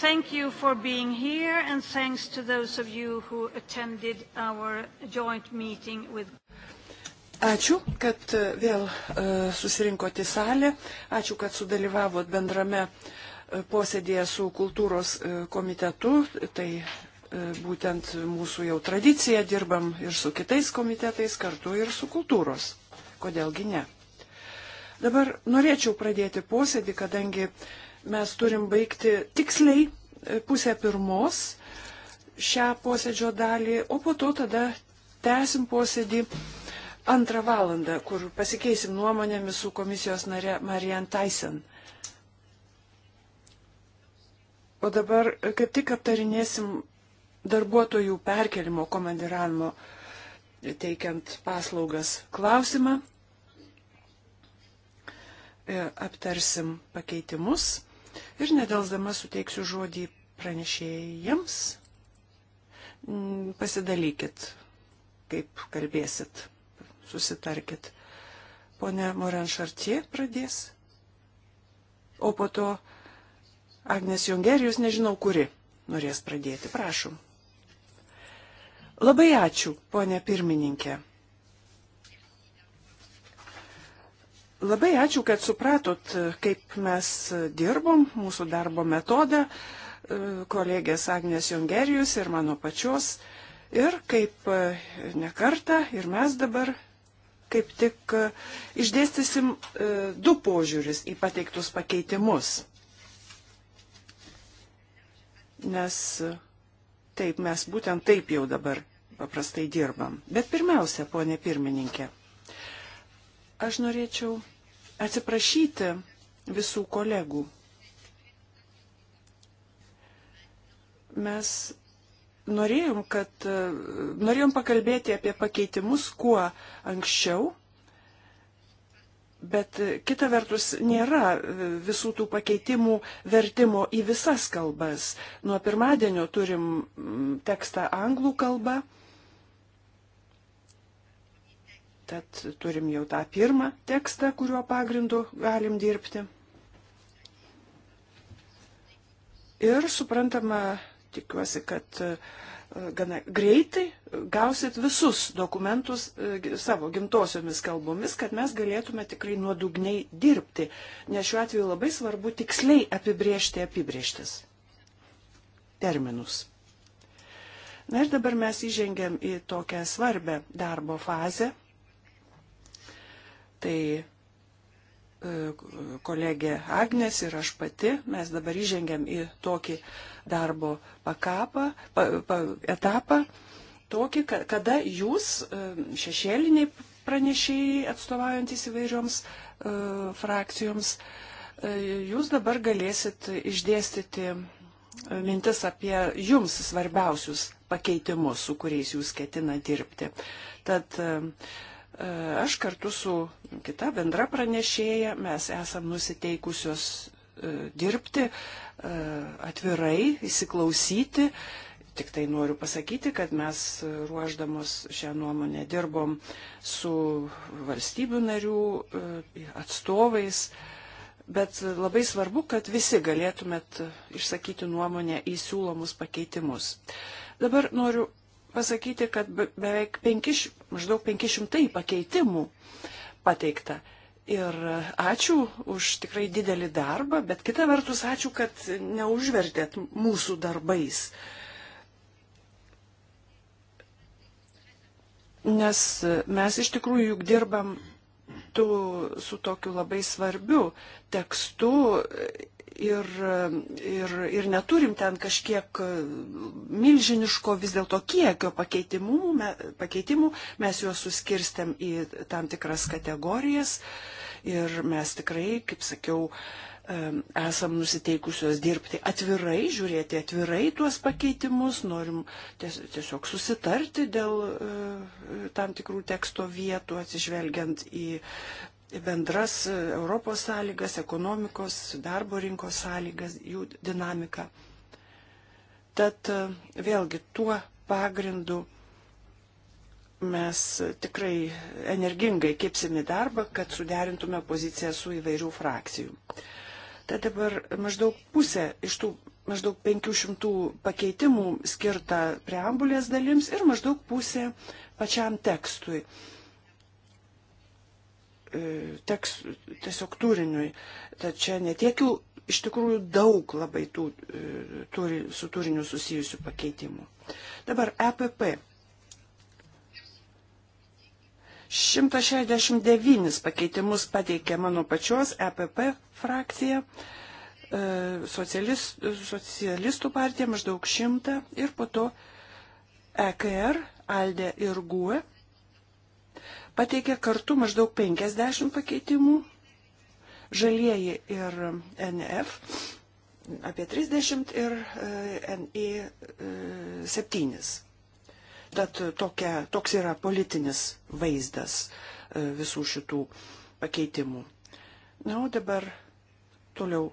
Thank you for being here, and thanks to those of you who attended our joint meeting with. Ačiū, kad e, vėl e, susirinkote salę. Ačiū, kad sudalyvavot bendrame e, posėdėje su kultūros komitetu. Tai būtent mūsų jau tradicija dirbam ir su kitais komitetais, kartu ir su kultūros. Kodėlgi ne? Dabar norėčiau pradėti posėdį, kadangi uh, Mes turim baigti tiksliai e, pusę pirmos šią posėdžio dalį, o po to tada tęsim posėdį antrą valandą, kur pasikeisim nuomonėmis su komisijos nare Marian Tyson. O dabar e, kaip tik aptarinėsim darbuotojų perkelimo komandiravimo e, teikiant paslaugas klausimą. Aptarsim pakeitimus. Ir nedelsdama suteiksiu žodį pranešėjams. Mm, pasidalykit, kaip kalbėsit, susitarkit. Pone Moran Šartie pradės, o po to Agnes Jongerijus, nežinau kuri, norės pradėti. Prašom. Labai ačiū, ponė pirmininkė. Labai ačiū, kad supratot, kaip mes dirbom, mūsų darbo metodą, e, kolegės Agnės Jongerijus ir mano pačios. Ir kaip e, nekarta, ir mes dabar kaip tik e, išdėstysim du požiūris į pateiktus pakeitimus. Nes taip, mes būtent taip jau dabar paprastai dirbam. Bet pirmiausia, ponė pirmininkė, aš norėčiau atsiprašyti visų kolegų. Mes norėjom, kad, norėjom pakalbėti apie pakeitimus kuo anksčiau, bet kita vertus nėra visų tų pakeitimų vertimo į visas kalbas. Nuo pirmadienio turim mm, tekstą anglų kalbą Tad turim jau tą pirmą tekstą, kuriuo pagrindu galim dirbti. Ir suprantama, tikiuosi, kad e, gana greitai gausit visus dokumentus e, savo gimtosiomis kalbomis, kad mes galėtume tikrai nuodugniai dirbti, nes šiuo atveju labai svarbu tiksliai apibriežti apibrieštis terminus. Na ir dabar mes įžengėm į tokią svarbę darbo fazę tai e, kolegė Agnes ir aš pati, mes dabar įžengiam į tokį darbo pakapą, pa, pa, etapą, tokį, kada jūs e, šešėliniai pranešėjai atstovaujantis įvairioms e, frakcijoms, jūs dabar galėsit išdėstyti mintis apie jums svarbiausius pakeitimus, su kuriais jūs ketina dirbti. Tad uh, Aš kartu su kita bendra pranešėja mes esam nusiteikusios e, dirbti e, atvirai, įsiklausyti. Tik tai noriu pasakyti, kad mes e, ruoždamos šią nuomonę dirbom su valstybių narių atstovais, bet labai svarbu, kad visi galėtumėt išsakyti nuomonę į siūlomus pakeitimus. Dabar noriu pasakyti, kad beveik 5, maždaug 500 pakeitimų pateikta. Ir ačiū už tikrai didelį darbą, bet kita vertus ačiū, kad neužvertėt mūsų darbais. Nes mes iš tikrųjų juk dirbam tu, su tokiu labai svarbiu tekstu ir, ir, ir neturim ten kažkiek e, milžiniško vis dėlto kiekio pakeitimų, me, pakeitimų, mes juos suskirstėm į tam tikras kategorijas ir mes tikrai, kaip sakiau, e, esam nusiteikusios dirbti atvirai, žiūrėti atvirai tuos pakeitimus, norim tiesiog susitarti dėl e, tam tikrų teksto vietų, atsižvelgiant į bendras e, Europos sąlygas, ekonomikos, darbo rinkos sąlygas, jų dinamiką. Tad e, vėlgi tuo pagrindu mes tikrai energingai kipsime darbą, kad suderintume poziciją su įvairių frakcijų. Tad dabar maždaug pusė iš tų maždaug 500 pakeitimų skirta preambulės dalims ir maždaug pusė pačiam tekstui. E, teks, tiesiog turiniui. Tačiau netiekių iš tikrųjų daug labai tų e, turi, su turiniu susijusių pakeitimų. Dabar EPP. 169 pakeitimus pateikė mano pačios EPP frakcija, e, socialist, socialistų partija maždaug 100 ir po to EKR, Aldė ir GUE pateikė kartu maždaug 50 pakeitimų, žalieji ir NF apie 30 ir e, e, NI 7. Tad tokia, toks yra politinis vaizdas e, visų šitų pakeitimų. Na, o dabar toliau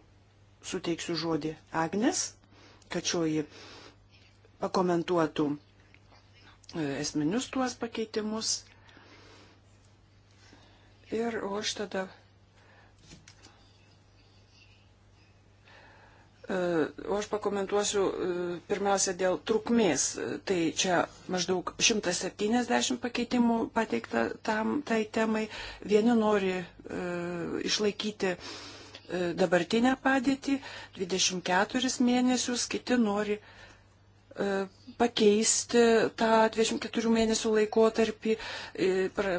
suteiksiu žodį Agnes, kad šioji pakomentuotų esminius tuos pakeitimus Ir už tada O e, aš pakomentuosiu e, pirmiausia dėl trukmės. Tai čia maždaug 170 pakeitimų pateikta tam, tai temai. Vieni nori e, išlaikyti e, dabartinę padėtį 24 mėnesius, kiti nori E, pakeisti tą 24 mėnesių laikotarpį, e,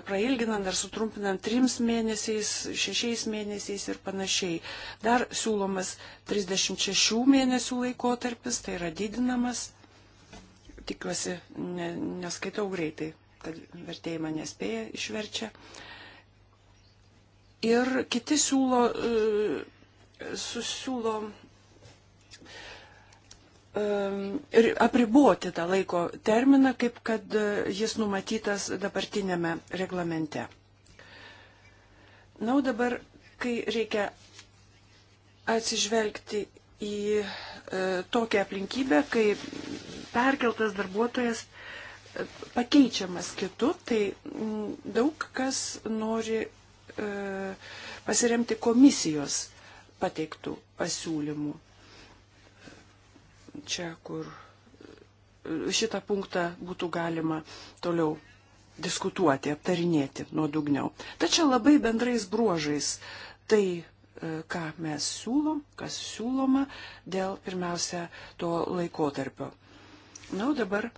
prailginant ar sutrumpinant 3 mėnesiais, 6 mėnesiais ir panašiai. Dar siūlomas 36 mėnesių laikotarpis, tai yra didinamas. Tikiuosi, ne, neskaitau greitai, kad vertėjai mane spėja išverčia. Ir kiti siūlo, e, susiūlo Um, apriboti tą laiko terminą, kaip kad uh, jis numatytas dabartinėme reglamente. Na, o dabar, kai reikia atsižvelgti į e, tokią aplinkybę, kai perkeltas darbuotojas uh, pakeičiamas kitu, tai m, mm, daug kas nori e, pasiremti komisijos pateiktų pasiūlymų čia, kur e, šitą punktą būtų galima toliau diskutuoti, aptarinėti nuodugniau. Tačiau labai bendrais bruožais tai, e, ką mes siūlom, kas siūloma dėl pirmiausia to laikotarpio. Na, o dabar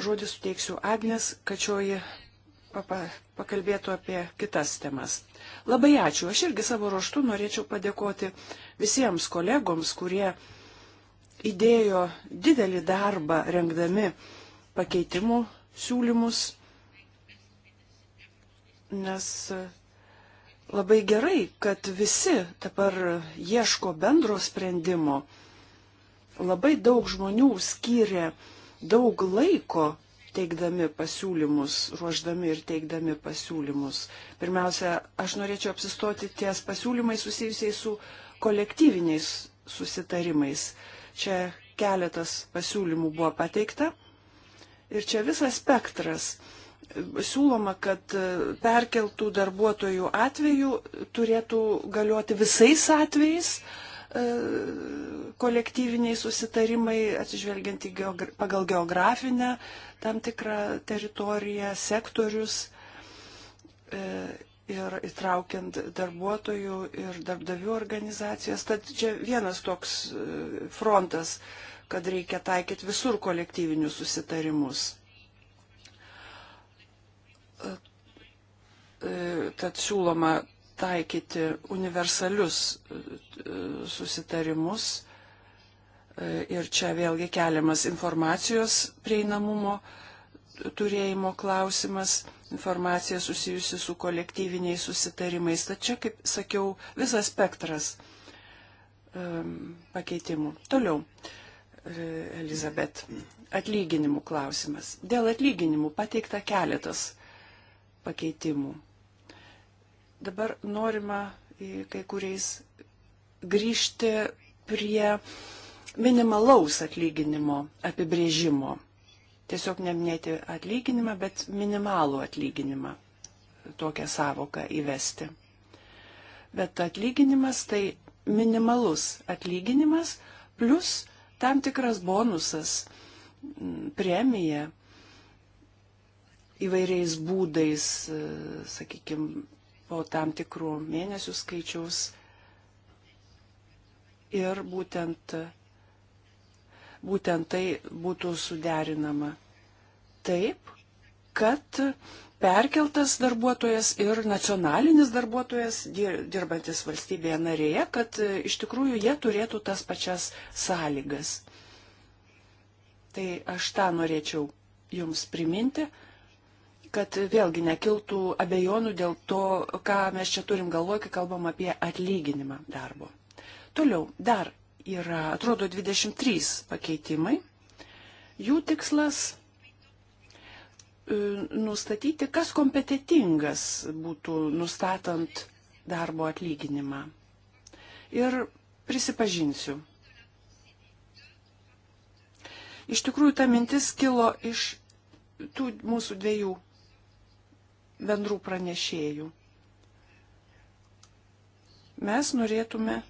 žodį suteiksiu Agnes, kad šioji papa, pakalbėtų apie kitas temas. Labai ačiū. Aš irgi savo ruoštų norėčiau padėkoti visiems kolegoms, kurie uh, įdėjo didelį darbą rengdami pakeitimų siūlymus, nes labai gerai, kad visi dabar ieško bendro sprendimo. Labai daug žmonių skyrė daug laiko teikdami pasiūlymus, ruoždami ir teikdami pasiūlymus. Pirmiausia, aš norėčiau apsistoti ties pasiūlymai susijusiai su kolektyviniais susitarimais. Čia keletas pasiūlymų buvo pateikta. Ir čia visas spektras. Siūloma, kad perkeltų darbuotojų atveju turėtų galioti visais atvejais e, kolektyviniai susitarimai, atsižvelgiant geogra pagal geografinę tam tikrą teritoriją, sektorius e, ir įtraukiant darbuotojų ir darbdavių organizacijas. Tad čia vienas toks e, frontas, kad reikia taikyti visur kolektyvinius susitarimus. E, e, tad siūloma taikyti universalius susitarimus ir čia vėlgi keliamas informacijos prieinamumo uh, turėjimo klausimas, informacija susijusi su kolektyviniais susitarimais. Tačiau, kaip sakiau, visas spektras um, pakeitimų. Toliau, e, Elizabet, atlyginimų klausimas. Dėl atlyginimų pateikta keletas pakeitimų. Dabar norima kai kuriais grįžti prie minimalaus atlyginimo apibrėžimo tiesiog neminėti atlyginimą, bet minimalų atlyginimą tokią savoką įvesti. Bet atlyginimas tai minimalus atlyginimas plus tam tikras bonusas, mm, premija įvairiais būdais, e, sakykime, po tam tikrų mėnesių skaičiaus ir būtent būtent tai būtų suderinama taip, kad perkeltas darbuotojas ir nacionalinis darbuotojas, dirbantis valstybėje narėje, kad e, iš tikrųjų jie turėtų tas pačias sąlygas. Tai aš tą norėčiau Jums priminti, kad vėlgi nekiltų abejonių dėl to, ką mes čia turim galvoj, kai kalbam apie atlyginimą darbo. Toliau, dar yra, atrodo, 23 pakeitimai. Jų tikslas e, nustatyti, kas kompetitingas būtų nustatant darbo atlyginimą. Ir prisipažinsiu. Iš tikrųjų, ta mintis kilo iš tų mūsų dviejų bendrų pranešėjų. Mes norėtume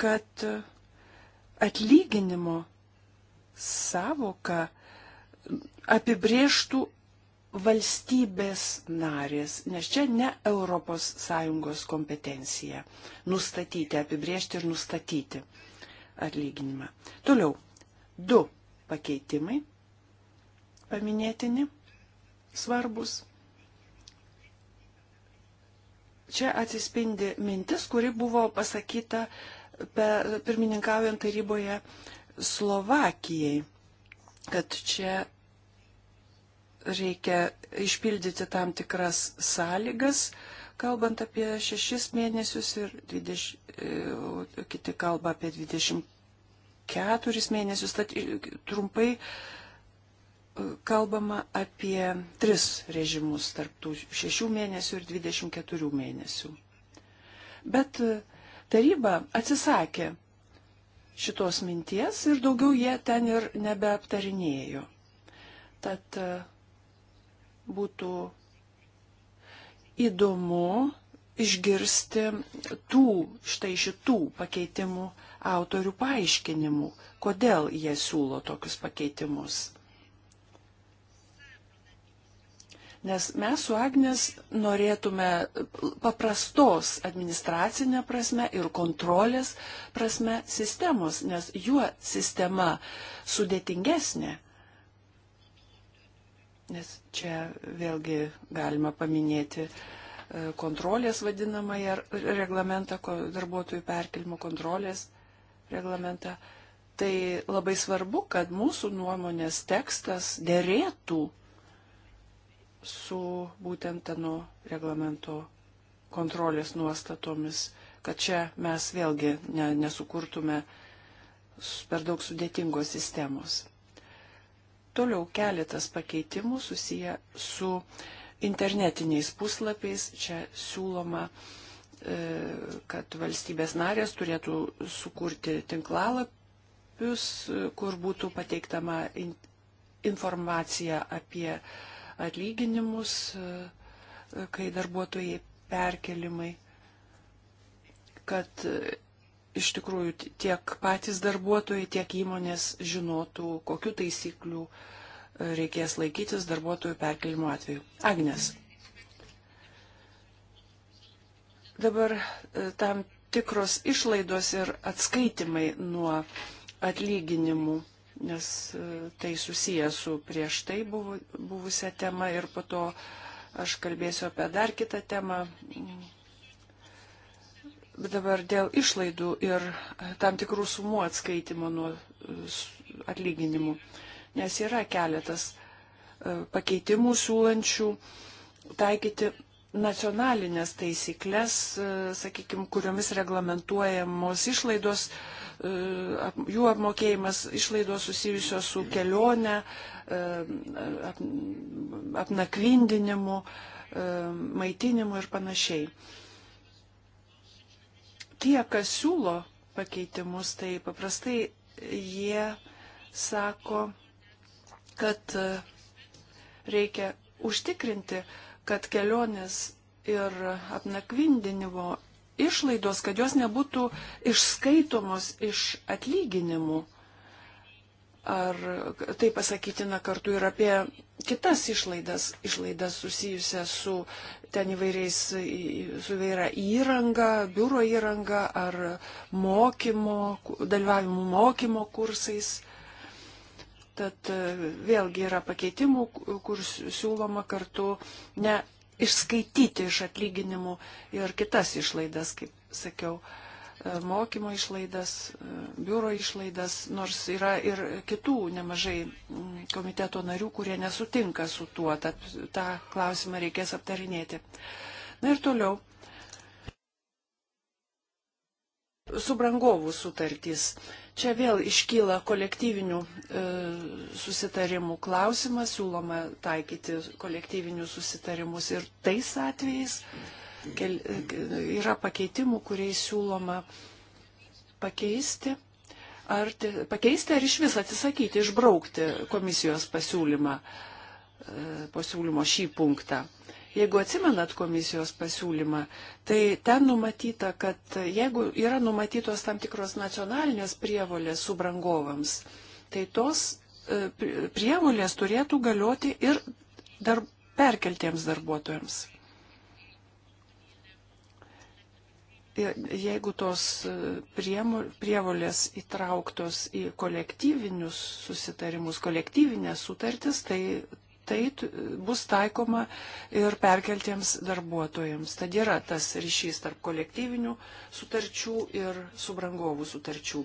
kad atlyginimo savoka apibrieštų valstybės narės, nes čia ne ES kompetencija nustatyti, apibriežti ir nustatyti atlyginimą. Toliau, du pakeitimai paminėtini, svarbus. Čia atsispindi mintis, kuri buvo pasakyta pirmininkaujant taryboje Slovakijai, kad čia reikia išpildyti tam tikras sąlygas, kalbant apie šešis mėnesius ir 20, e, kiti kalba apie 24 mėnesius, tad e, trumpai e, kalbama apie tris režimus tarptų šešių mėnesių ir 24 mėnesių. Bet uh, Taryba atsisakė šitos minties ir daugiau jie ten ir nebeaptarinėjo. Tad e, būtų įdomu išgirsti tų, štai šitų pakeitimų autorių paaiškinimų, kodėl jie siūlo tokius pakeitimus. Nes mes su Agnes norėtume paprastos administracinė prasme ir kontrolės prasme sistemos, nes juo sistema sudėtingesnė. Nes čia vėlgi galima paminėti e, kontrolės vadinamąją reglamentą, darbuotojų perkelimo kontrolės reglamentą. Tai labai svarbu, kad mūsų nuomonės tekstas dėrėtų su būtent tenu reglamento kontrolės nuostatomis, kad čia mes vėlgi ne, nesukurtume per daug sudėtingos sistemos. Toliau keletas pakeitimų susiję su internetiniais puslapiais. Čia siūloma, e, kad valstybės narės turėtų sukurti tinklalapius, e, kur būtų pateiktama informacija apie uh, atlyginimus, e, kai darbuotojai perkelimai, kad e, iš tikrųjų tiek patys darbuotojai, tiek įmonės žinotų, kokiu taisykliu e, reikės laikytis darbuotojų perkelimo atveju. Agnes. Dabar tam tikros išlaidos ir atskaitimai nuo atlyginimų nes e, tai susijęs su prieš tai buvu, buvusią temą ir po to aš kalbėsiu apie dar kitą temą. Bet dabar dėl išlaidų ir e, tam tikrų sumų atskaitimo nuo e, atlyginimų, nes yra keletas pakeitimų siūlančių taikyti nacionalinės taisyklės, sakykime, kuriomis reglamentuojamos išlaidos uh, E, jų apmokėjimas, išlaidos susijusios su kelione, e, ap, apnakvindinimu, e, maitinimu ir panašiai. Tie, kas siūlo pakeitimus, tai paprastai jie sako, kad reikia užtikrinti, kad kelionės ir apnakvindinimo išlaidos, kad jos nebūtų išskaitomos iš atlyginimų. Ar tai pasakytina kartu ir apie kitas išlaidas, išlaidas susijusias su ten įvairiais, su įvairia įranga, biuro įranga ar mokymo, dalyvavimu mokymo kursais. Tad e, vėlgi yra pakeitimų, kur siūloma kartu ne išskaityti iš atlyginimų ir kitas išlaidas, kaip sakiau, e, mokymo išlaidas, e, biuro išlaidas, nors yra ir kitų nemažai mm, komiteto narių, kurie nesutinka su tuo, tad tą klausimą reikės aptarinėti. Na ir toliau. Subrangovų sutartys. Čia vėl iškyla kolektyvinių e, susitarimų klausimas, siūloma taikyti kolektyvinius susitarimus ir tais atvejais kel, e, yra pakeitimų, kuriais siūloma pakeisti ar, pakeisti ar iš vis atsisakyti, išbraukti komisijos pasiūlymą, e, pasiūlymo šį punktą. Jeigu atsimenat komisijos pasiūlymą, tai ten numatyta, kad jeigu yra numatytos tam tikros nacionalinės prievolės subrangovams, tai tos e, prievolės turėtų galioti ir dar perkeltiems darbuotojams. jeigu tos e, prievolės įtrauktos į kolektyvinius susitarimus, kolektyvinės sutartis, tai tai bus taikoma ir perkeltiems darbuotojams. Tad yra tas ryšys tarp kolektyvinių sutarčių ir subrangovų sutarčių.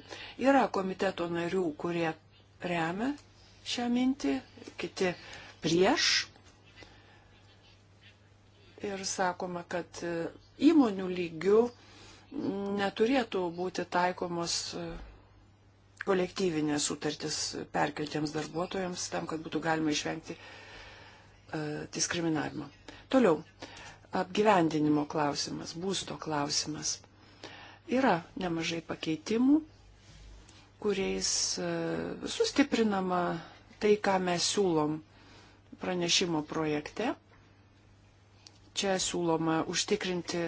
Yra komiteto narių, kurie remia šią mintį, kiti prieš. Ir sakoma, kad įmonių lygių neturėtų būti taikomos kolektyvinės sutartis perkeltiems darbuotojams, tam, kad būtų galima išvengti E, diskriminavimą. Toliau, apgyvendinimo klausimas, būsto klausimas. Yra nemažai pakeitimų, kuriais e, sustiprinama tai, ką mes siūlom pranešimo projekte. Čia siūloma užtikrinti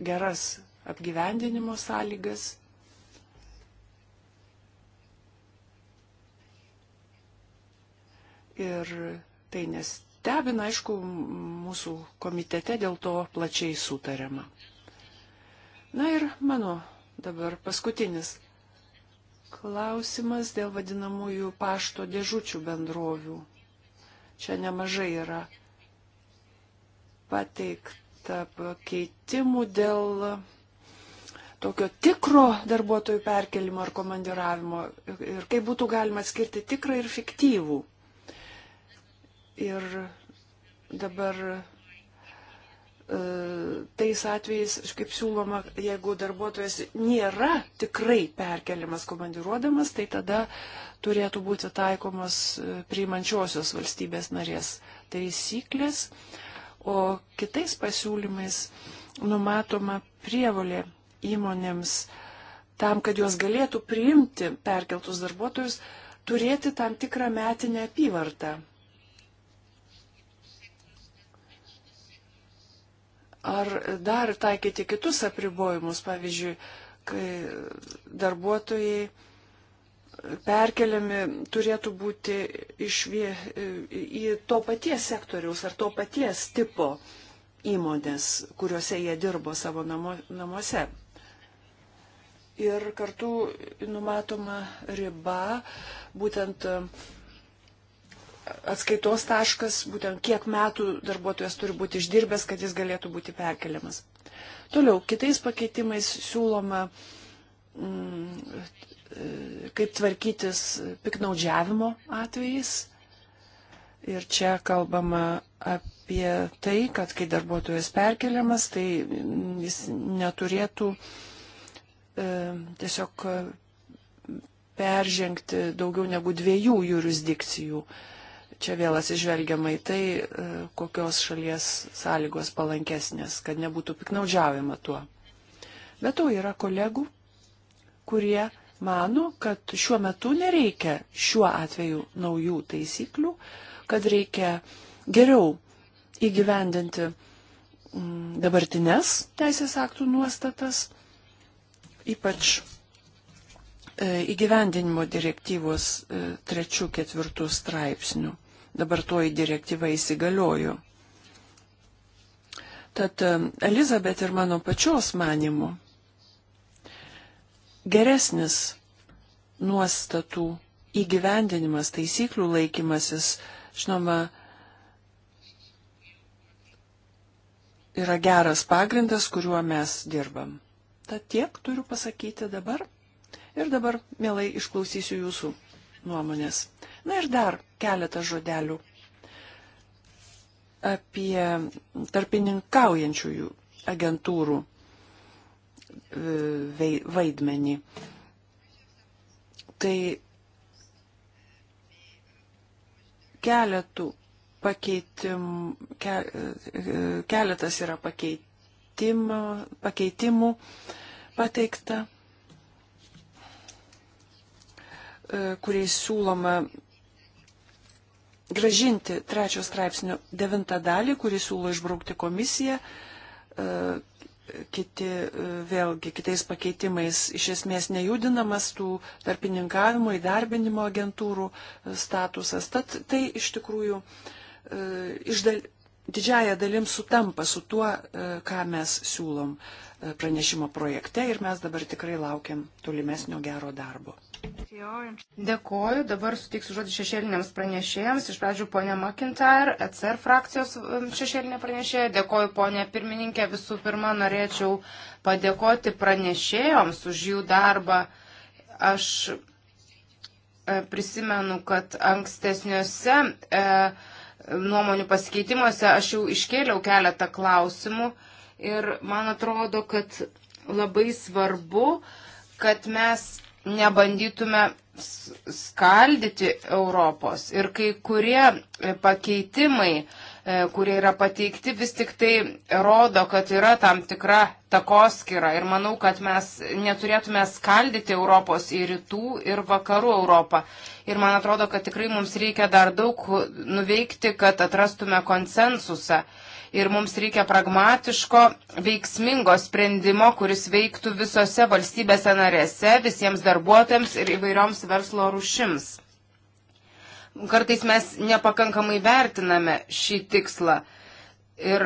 geras apgyvendinimo sąlygas. Ir tai nes stebina, aišku, mūsų komitete dėl to plačiai sutariama. Na ir mano dabar paskutinis klausimas dėl vadinamųjų pašto dėžučių bendrovių. Čia nemažai yra pateikta pakeitimų dėl tokio tikro darbuotojų perkelimo ar komandiravimo ir kaip būtų galima atskirti tikrą ir fiktyvų Ir dabar e, tais atvejais, kaip siūloma, jeigu darbuotojas nėra tikrai perkeliamas komandiruodamas, tai tada turėtų būti taikomos e, priimančiosios valstybės narės taisyklės, o kitais pasiūlymais numatoma prievolė įmonėms tam, kad jos galėtų priimti perkeltus darbuotojus, turėti tam tikrą metinę apyvartą Ar dar taikyti kitus apribojimus, pavyzdžiui, kai darbuotojai perkeliami turėtų būti iš vie, į to paties sektoriaus ar to paties tipo įmonės, kuriuose jie dirbo savo namo, namuose. Ir kartu numatoma riba būtent atskaitos taškas, būtent kiek metų darbuotojas turi būti išdirbęs, kad jis galėtų būti perkeliamas. Toliau, kitais pakeitimais siūloma, mm, kaip tvarkytis piknaudžiavimo atvejais. Ir čia kalbama apie tai, kad kai darbuotojas perkeliamas, tai jis neturėtų e, tiesiog peržengti daugiau negu dviejų jurisdikcijų. E, čia vėl atsižvelgiama į tai, e, kokios šalies sąlygos palankesnės, kad nebūtų piknaudžiavima tuo. Bet to yra kolegų, kurie mano, kad šiuo metu nereikia šiuo atveju naujų taisyklių, kad reikia geriau įgyvendinti mm, dabartines teisės aktų nuostatas, ypač e, įgyvendinimo direktyvos e, trečių ketvirtų straipsnių dabar toji direktyva įsigaliojo. Tad Elizabet ir mano pačios manimu geresnis nuostatų įgyvendinimas, taisyklių laikymasis, žinoma, yra geras pagrindas, kuriuo mes dirbam. Tad tiek turiu pasakyti dabar. Ir dabar, mielai, išklausysiu jūsų nuomonės. Na ir dar keletą žodelių apie tarpininkaujančiųjų agentūrų e, vaidmenį. Tai keletų pakeitim, ke, e, keletas yra pakeitimų, pakeitimų pateikta, e, kuriais siūloma gražinti trečio straipsnio devintą dalį, kurį siūlo išbraukti komisija, e, kiti e, vėlgi kitais pakeitimais iš esmės nejudinamas tų tarpininkavimo įdarbinimo agentūrų e, statusas. Tad tai iš tikrųjų išdal, didžiaja dalim sutampa su tuo, ką mes siūlom pranešimo projekte ir mes dabar tikrai laukiam tolimesnio gero darbo. Dėkoju, dabar sutiksiu žodį šešėliniams pranešėjams. Iš pradžių ponė McIntyre, ECR frakcijos um, šešėlinė pranešėja. Dėkoju ponė pirmininkė. Visų pirma, norėčiau padėkoti pranešėjoms už jų darbą. Aš e, prisimenu, kad ankstesniuose e, nuomonių pasikeitimuose aš jau iškėliau keletą klausimų ir man atrodo, kad labai svarbu, kad mes nebandytume skaldyti Europos. Ir kai kurie e, pakeitimai, e, kurie yra pateikti, vis tik tai rodo, kad yra tam tikra takoskira. Ir manau, kad mes neturėtume skaldyti Europos į rytų ir vakarų Europą. Ir man atrodo, kad tikrai mums reikia dar daug nuveikti, kad atrastume konsensusą ir mums reikia pragmatiško, veiksmingo sprendimo, kuris veiktų visose valstybėse narėse, visiems darbuotojams ir įvairioms verslo rušims. Kartais mes nepakankamai vertiname šį tikslą ir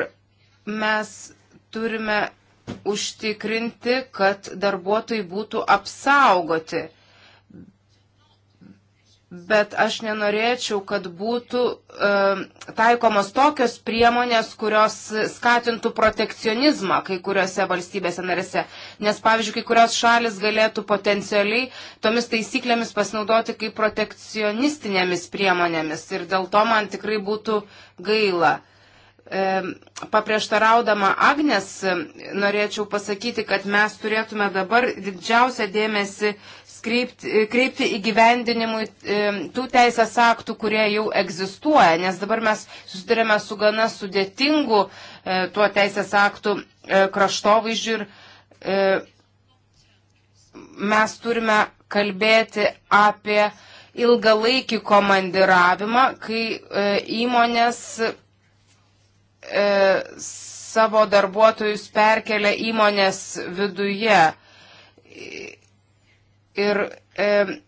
mes turime užtikrinti, kad darbuotojai būtų apsaugoti bet aš nenorėčiau, kad būtų e, taikomos tokios priemonės, kurios skatintų protekcionizmą kai kuriuose valstybėse narėse. Nes, pavyzdžiui, kai kurios šalis galėtų potencialiai tomis taisyklėmis pasinaudoti kaip protekcionistinėmis priemonėmis. Ir dėl to man tikrai būtų gaila. E, paprieštaraudama Agnes, norėčiau pasakyti, kad mes turėtume dabar didžiausią dėmesį kreipti, e, kreipti įgyvendinimui e, tų teisės aktų, kurie jau egzistuoja, nes dabar mes susidurėme su gana sudėtingu e, tuo teisės aktų kraštovaizdžiu ir mes turime kalbėti apie ilgalaikį komandiravimą, kai įmonės savo darbuotojus perkelia įmonės viduje Ir e,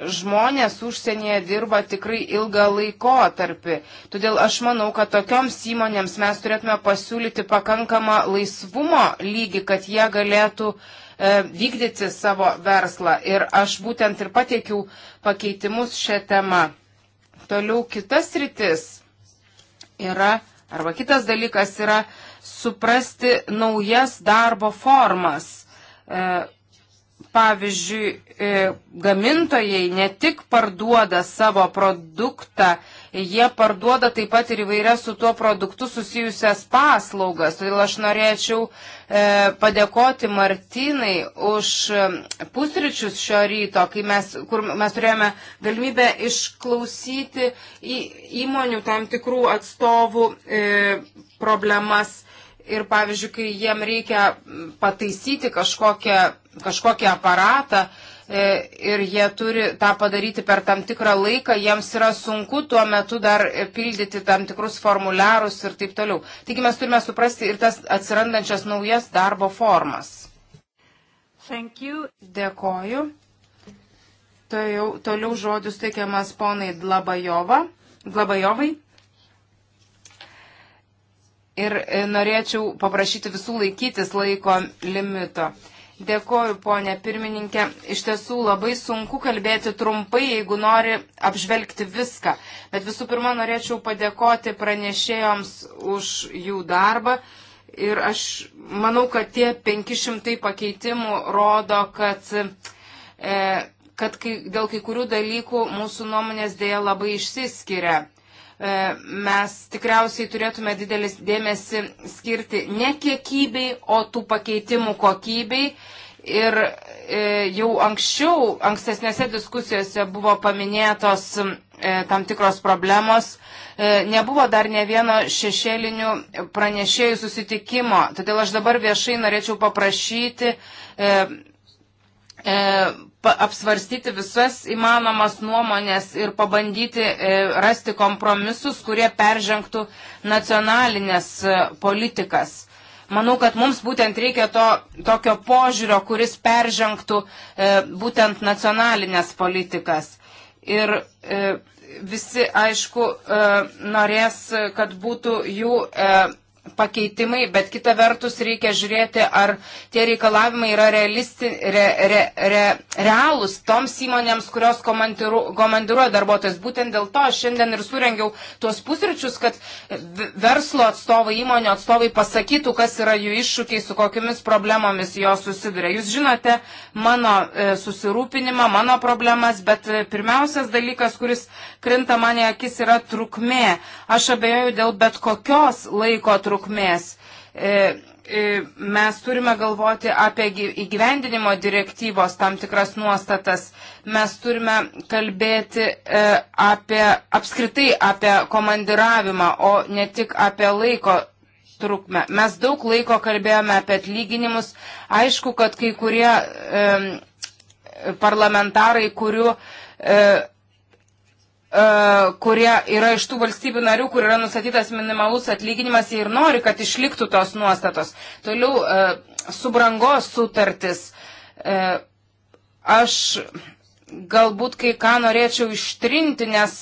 žmonės užsienyje dirba tikrai ilgą laikotarpį. Todėl aš manau, kad tokioms įmonėms mes turėtume pasiūlyti pakankamą laisvumo lygį, kad jie galėtų e, vykdyti savo verslą. Ir aš būtent ir pateikiau pakeitimus šią temą. Toliau kitas rytis yra, arba kitas dalykas yra suprasti naujas darbo formas. E, Pavyzdžiui, e, gamintojai ne tik parduoda savo produktą, jie parduoda taip pat ir įvairias su tuo produktu susijusias paslaugas. Todėl aš norėčiau e, padėkoti Martinai už e, pusryčius šio ryto, kai mes, kur mes turėjome galimybę išklausyti į, įmonių tam tikrų atstovų e, problemas ir, pavyzdžiui, kai jiem reikia pataisyti kažkokią, kažkokį aparatą e, ir jie turi tą padaryti per tam tikrą laiką, jiems yra sunku tuo metu dar pildyti tam tikrus formuliarus ir taip toliau. Taigi mes turime suprasti ir tas atsirandančias naujas darbo formas. Dėkoju. Toliau, toliau žodis teikiamas ponai Dlabajova, Dlabajovai. Ir e, norėčiau paprašyti visų laikytis laiko limito. Dėkoju, ponė pirmininkė. Iš tiesų labai sunku kalbėti trumpai, jeigu nori apžvelgti viską. Bet visų pirma, norėčiau padėkoti pranešėjoms už jų darbą. Ir aš manau, kad tie 500 pakeitimų rodo, kad, e, kad kai, dėl kai kurių dalykų mūsų nuomonės dėja labai išsiskiria. E, mes tikriausiai turėtume didelis dėmesį skirti ne kiekybei, o tų pakeitimų kokybei. Ir e, jau anksčiau, ankstesnėse diskusijose buvo paminėtos e, tam tikros problemos. Nebuvo dar ne vieno šešėlinių pranešėjų susitikimo. Todėl aš dabar viešai norėčiau paprašyti apsvarstyti visas įmanomas nuomonės ir pabandyti e, rasti kompromisus, kurie peržengtų nacionalinės e, politikas. Manau, kad mums būtent reikia to, tokio požiūrio, kuris peržengtų e, būtent nacionalinės politikas. Ir e, visi, aišku, e, norės, kad būtų jų e, pakeitimai, bet kita vertus reikia žiūrėti, ar tie reikalavimai yra realisti, re, re, re, realūs toms įmonėms, kurios komandiru, komandiruoja darbuotojus. Būtent dėl to aš šiandien ir surengiau tuos pusryčius, kad verslo atstovai, įmonių atstovai pasakytų, kas yra jų iššūkiai, su kokiamis problemomis jos susiduria. Jūs žinote mano e, susirūpinimą, mano problemas, bet e, pirmiausias dalykas, kuris krinta man į akis, yra trukmė. Aš abejoju dėl bet kokios laiko trukmės trukmės. E, e, mes turime galvoti apie įgyvendinimo direktyvos tam tikras nuostatas. Mes turime kalbėti e, apie, apskritai apie komandiravimą, o ne tik apie laiko trukmę. Mes daug laiko kalbėjome apie atlyginimus. Aišku, kad kai kurie e, parlamentarai, kurių e, E, kurie yra iš tų valstybių narių, kur yra nustatytas minimalus atlyginimas ir nori, kad išliktų tos nuostatos. Toliau e, subrangos sutartis. E, aš galbūt kai ką norėčiau ištrinti, nes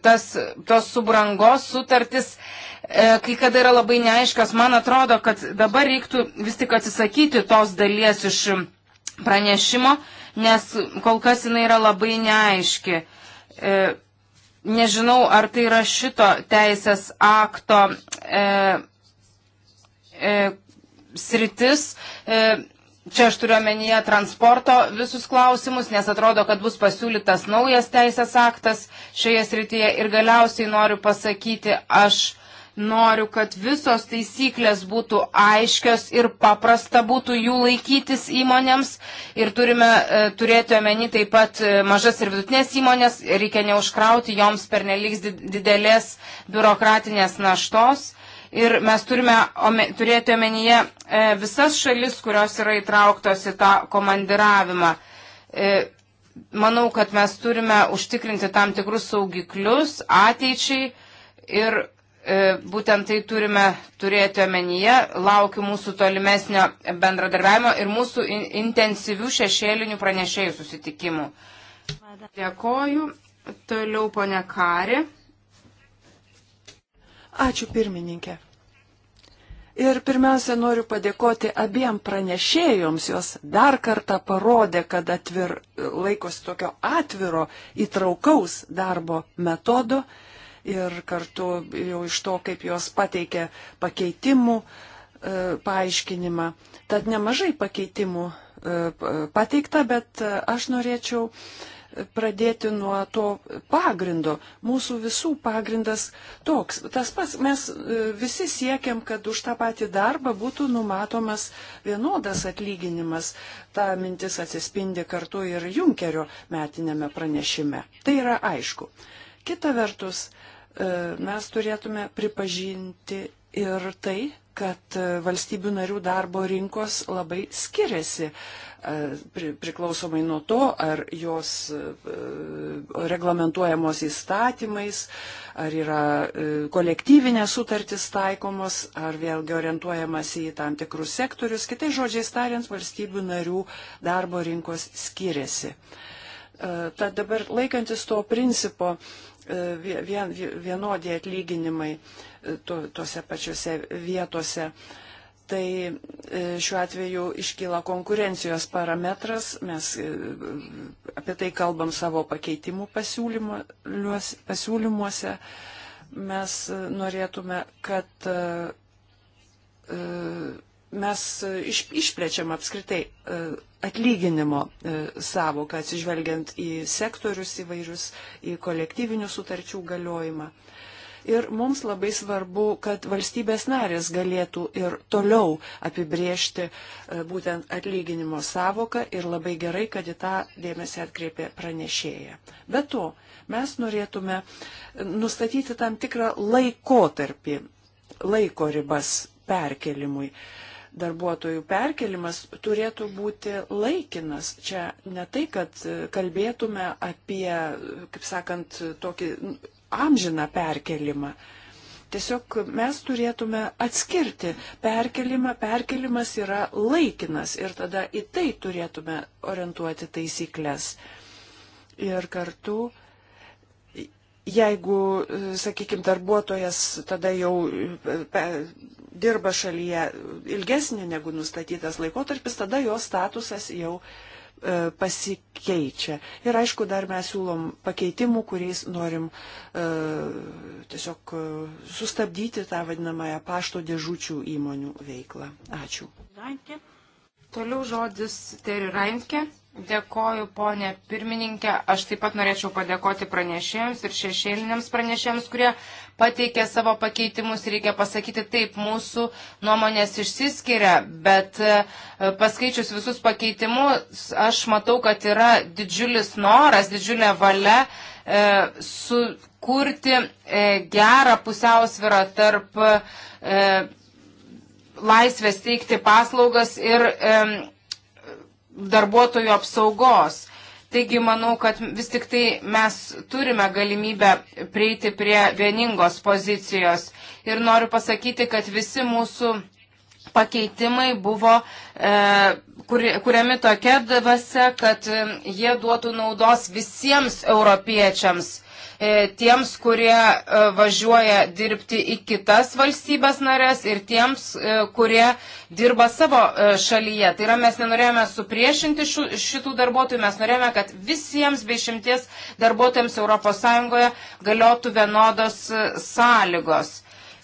tas, tos subrangos sutartis kai kada yra labai neaiškas. Man atrodo, kad dabar reiktų vis tik atsisakyti tos dalies iš pranešimo, nes kol kas jinai yra labai neaiški. E, nežinau, ar tai yra šito teisės akto e, e, sritis. E, Čia aš turiu omenyje transporto visus klausimus, nes atrodo, kad bus pasiūlytas naujas teisės aktas šioje srityje. Ir galiausiai noriu pasakyti, aš Noriu, kad visos taisyklės būtų aiškios ir paprasta būtų jų laikytis įmonėms. Ir turime e, turėti omeny taip pat e, mažas ir vidutinės įmonės. Reikia neužkrauti joms per neliks didelės biurokratinės naštos. Ir mes turime ome, turėti omenyje e, visas šalis, kurios yra įtrauktos į tą komandiravimą. E, manau, kad mes turime užtikrinti tam tikrus saugiklius ateičiai ir E, būtent tai turime turėti omenyje, laukiu mūsų tolimesnio bendradarbiavimo ir mūsų in intensyvių šešėlinių pranešėjų susitikimų. Dėkoju. Toliau ponia Kari. Ačiū pirmininkė. Ir pirmiausia, noriu padėkoti abiem pranešėjoms, jos dar kartą parodė, kad atvir, laikosi tokio atviro, įtraukaus darbo metodo ir kartu jau iš to, kaip jos pateikė pakeitimų e, paaiškinimą. Tad nemažai pakeitimų e, pateikta, bet e, aš norėčiau pradėti nuo to pagrindo. Mūsų visų pagrindas toks. Tas pats mes visi siekiam, kad už tą patį darbą būtų numatomas vienodas atlyginimas. Ta mintis atsispindi kartu ir Junkerio metinėme pranešime. Tai yra aišku. Kita vertus, E, mes turėtume pripažinti ir tai, kad e, valstybių narių darbo rinkos labai skiriasi e, priklausomai nuo to, ar jos reglamentuojamos įstatymais, ar yra kolektyvinės sutartys taikomos, ar vėlgi orientuojamas į tam tikrus sektorius. Kitai žodžiai tariant, valstybių narių darbo rinkos skiriasi. Tad dabar laikantis to principo, E, vien, vienodi atlyginimai e, to, tose pačiose vietose. Tai e, šiuo atveju iškyla konkurencijos parametras, mes apie tai kalbam savo pakeitimų pasiūlymuose. Mes norėtume, kad mes e, iš, išplečiam apskritai e, atlyginimo e, savoką, atsižvelgiant į sektorius įvairius, į kolektyvinių sutarčių galiojimą. Ir mums labai svarbu, kad valstybės narės galėtų ir toliau apibriežti būtent atlyginimo savoką ir labai gerai, kad į tą dėmesį atkreipė pranešėja. Be to, mes norėtume nustatyti tam tikrą laikotarpį, laiko ribas perkelimui darbuotojų perkelimas turėtų būti laikinas. Čia ne tai, kad kalbėtume apie, kaip sakant, tokį amžiną perkelimą. Tiesiog mes turėtume atskirti perkelimą, perkelimas yra laikinas ir tada į tai turėtume orientuoti taisyklės. Ir kartu uh, jeigu, e, sakykime, darbuotojas tada jau e, dirba šalyje ilgesnį negu nustatytas laikotarpis, tada jo statusas jau e, pasikeičia. Ir aišku, dar mes siūlom pakeitimų, kuriais norim tiesiog sustabdyti tą vadinamąją pašto dėžučių įmonių veiklą. Ačiū. Rankė. Toliau žodis Teri Rankė. Dėkoju, ponė pirmininkė. Aš taip pat norėčiau padėkoti pranešėjams ir šešėliniams pranešėjams, kurie pateikė savo pakeitimus. Reikia pasakyti, taip, mūsų nuomonės išsiskiria, bet e, paskaičius visus pakeitimus, aš matau, kad yra didžiulis noras, didžiulė valia e, sukurti e, gerą pusiausvyrą tarp e, laisvės teikti paslaugas ir. E, darbuotojų apsaugos. Taigi manau, kad vis tik tai mes turime galimybę prieiti prie vieningos pozicijos. Ir noriu pasakyti, kad visi mūsų pakeitimai buvo e, kur, kuriami tokia dvasia, kad e, jie duotų naudos visiems europiečiams. E, tiems, kurie e, važiuoja dirbti į kitas valstybės narės ir tiems, e, kurie dirba savo šalyje. Tai yra, mes nenorėjome supriešinti šitų darbuotojų, mes norėjome, kad visiems bei šimties darbuotojams ES galiotų vienodos sąlygos.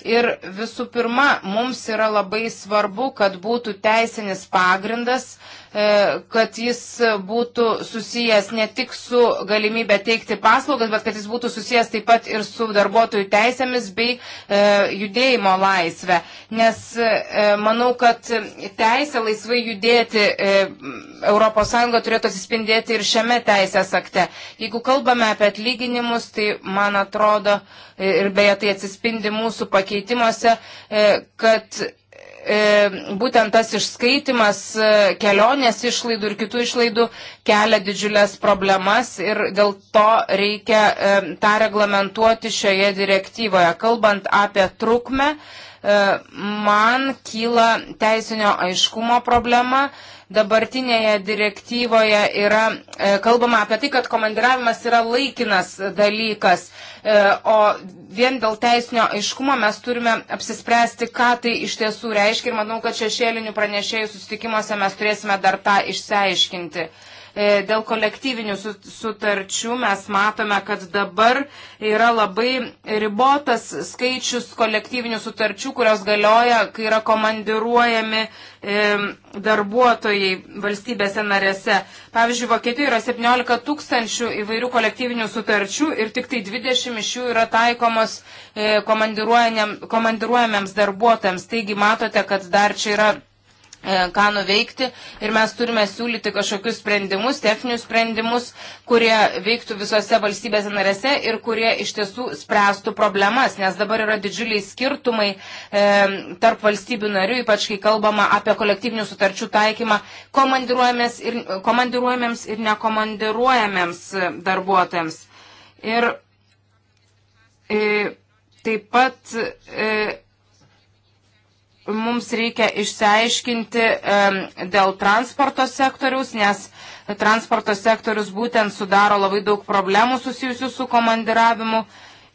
Ir visų pirma, mums yra labai svarbu, kad būtų teisinis pagrindas, e, kad jis būtų susijęs ne tik su galimybė teikti paslaugas, bet kad jis būtų susijęs taip pat ir su darbuotojų teisėmis bei e, judėjimo laisvę. Nes e, manau, kad teisė laisvai judėti ES turėtų atsispindėti ir šiame teisės akte. Jeigu kalbame apie atlyginimus, tai man atrodo ir beje tai atsispindi mūsų pakeitimą pakeitimuose, e, kad e, būtent tas išskaitimas e, kelionės išlaidų ir kitų išlaidų kelia didžiulės problemas ir dėl to reikia tą reglamentuoti šioje direktyvoje. Kalbant apie trukmę, E, man kyla teisinio aiškumo problema. Dabartinėje direktyvoje yra e, kalbama apie tai, kad komandiravimas yra laikinas dalykas, e, o vien dėl teisinio aiškumo mes turime apsispręsti, ką tai iš tiesų reiškia ir manau, kad šešėlinių pranešėjų susitikimuose mes turėsime dar tą išsiaiškinti. E, dėl kolektyvinių sutarčių mes matome, kad dabar yra labai ribotas skaičius kolektyvinių sutarčių, kurios galioja, kai yra komandiruojami e, darbuotojai valstybėse narėse. Pavyzdžiui, Vokietijoje yra 17 tūkstančių įvairių kolektyvinių sutarčių ir tik tai 20 iš jų yra taikomos e, komandiruojamiems darbuotojams. Taigi matote, kad dar čia yra E, ką nuveikti ir mes turime siūlyti kažkokius sprendimus, techninius sprendimus, kurie veiktų visose valstybėse narėse ir kurie iš tiesų spręstų problemas, nes dabar yra didžiuliai skirtumai e, tarp valstybių narių, ypač kai kalbama apie kolektyvinių sutarčių taikymą komandiruojamės ir, komandiruojamėms ir nekomandiruojamėms e, darbuotojams. Ir e, taip pat. E, mums reikia išsiaiškinti dėl transporto sektoriaus, nes transporto sektorius būtent sudaro labai daug problemų susijusių su komandiravimu.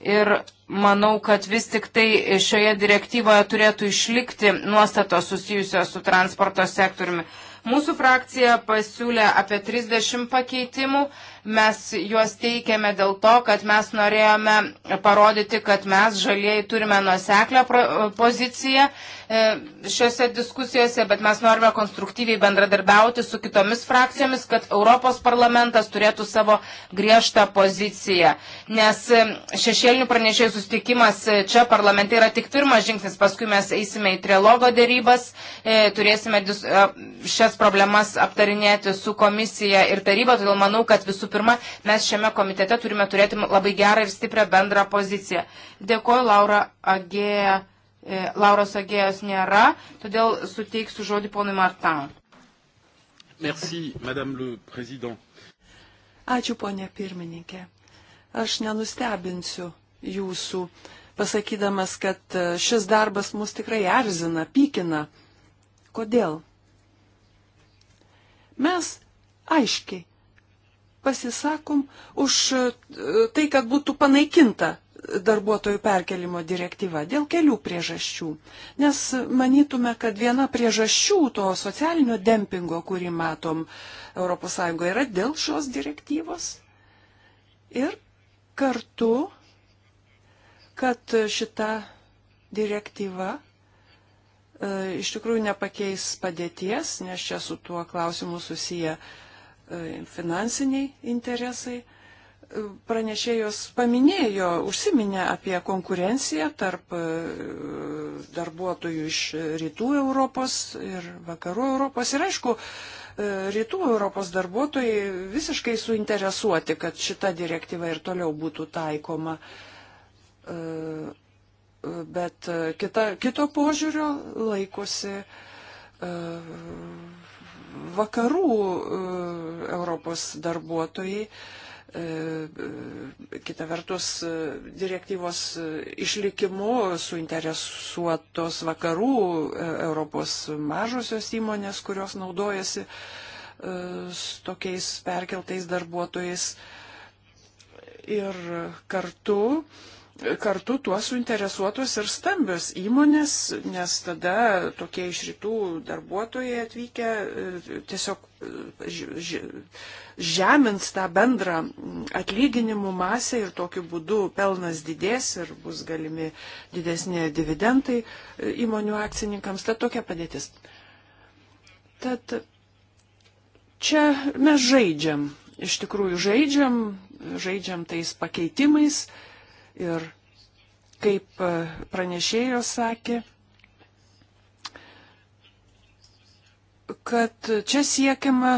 Ir manau, kad vis tik tai šioje direktyvoje turėtų išlikti nuostatos susijusios su transporto sektoriumi. Mūsų frakcija pasiūlė apie 30 pakeitimų Mes juos teikėme dėl to, kad mes norėjome parodyti, kad mes žalieji turime nuseklę poziciją e, šiuose diskusijose, bet mes norime konstruktyviai bendradarbiauti su kitomis frakcijomis, kad Europos parlamentas turėtų savo griežtą poziciją. Nes e, šešėlinių pranešėjų sustikimas e, čia parlamente yra tik pirmas žingsnis, paskui mes eisime į trilogo dėrybas, turėsime šias problemas aptarinėti su komisija ir taryba, todėl manau, kad visų pirma, mes šiame komitete turime turėti labai gerą ir stiprią bendrą poziciją. Dėkuoju, Laura Agėja. E, Lauros Agėjos nėra, todėl suteiksiu žodį ponui Martan. Merci, Madame le Président. Ačiū, ponė pirmininkė. Aš nenustebinsiu jūsų, pasakydamas, kad e, šis darbas mus tikrai erzina, pykina. Kodėl? Mes aiškiai pasisakom už e, tai, kad būtų panaikinta darbuotojų perkelimo direktyva dėl kelių priežasčių. Nes manytume, kad viena priežasčių to socialinio dempingo, kurį matom ES, yra dėl šios direktyvos. Ir kartu, kad šita direktyva e, iš tikrųjų nepakeis padėties, nes čia su tuo klausimu susiję E, finansiniai interesai. E, pranešėjos paminėjo, užsiminė apie konkurenciją tarp e, darbuotojų iš rytų Europos ir vakarų Europos. Ir aišku, rytų Europos darbuotojai visiškai suinteresuoti, kad šita direktyva ir toliau būtų taikoma bet kita, kito požiūrio laikosi vakarų e, Europos darbuotojai. E, e, kita vertus, direktyvos išlikimu suinteresuotos vakarų Europos mažosios įmonės, kurios naudojasi tokiais perkeltais darbuotojais. Ir kartu uh, kartu tuos suinteresuotos ir stambios įmonės, nes tada tokie iš rytų darbuotojai atvykę e, tiesiog e, žemins tą bendrą atlyginimų masę ir tokiu būdu pelnas didės ir bus galimi didesni dividendai e, įmonių akcininkams. Tad tokia padėtis. Tad čia mes žaidžiam, iš tikrųjų žaidžiam, žaidžiam tais pakeitimais Ir kaip pranešėjos sakė, kad čia siekiama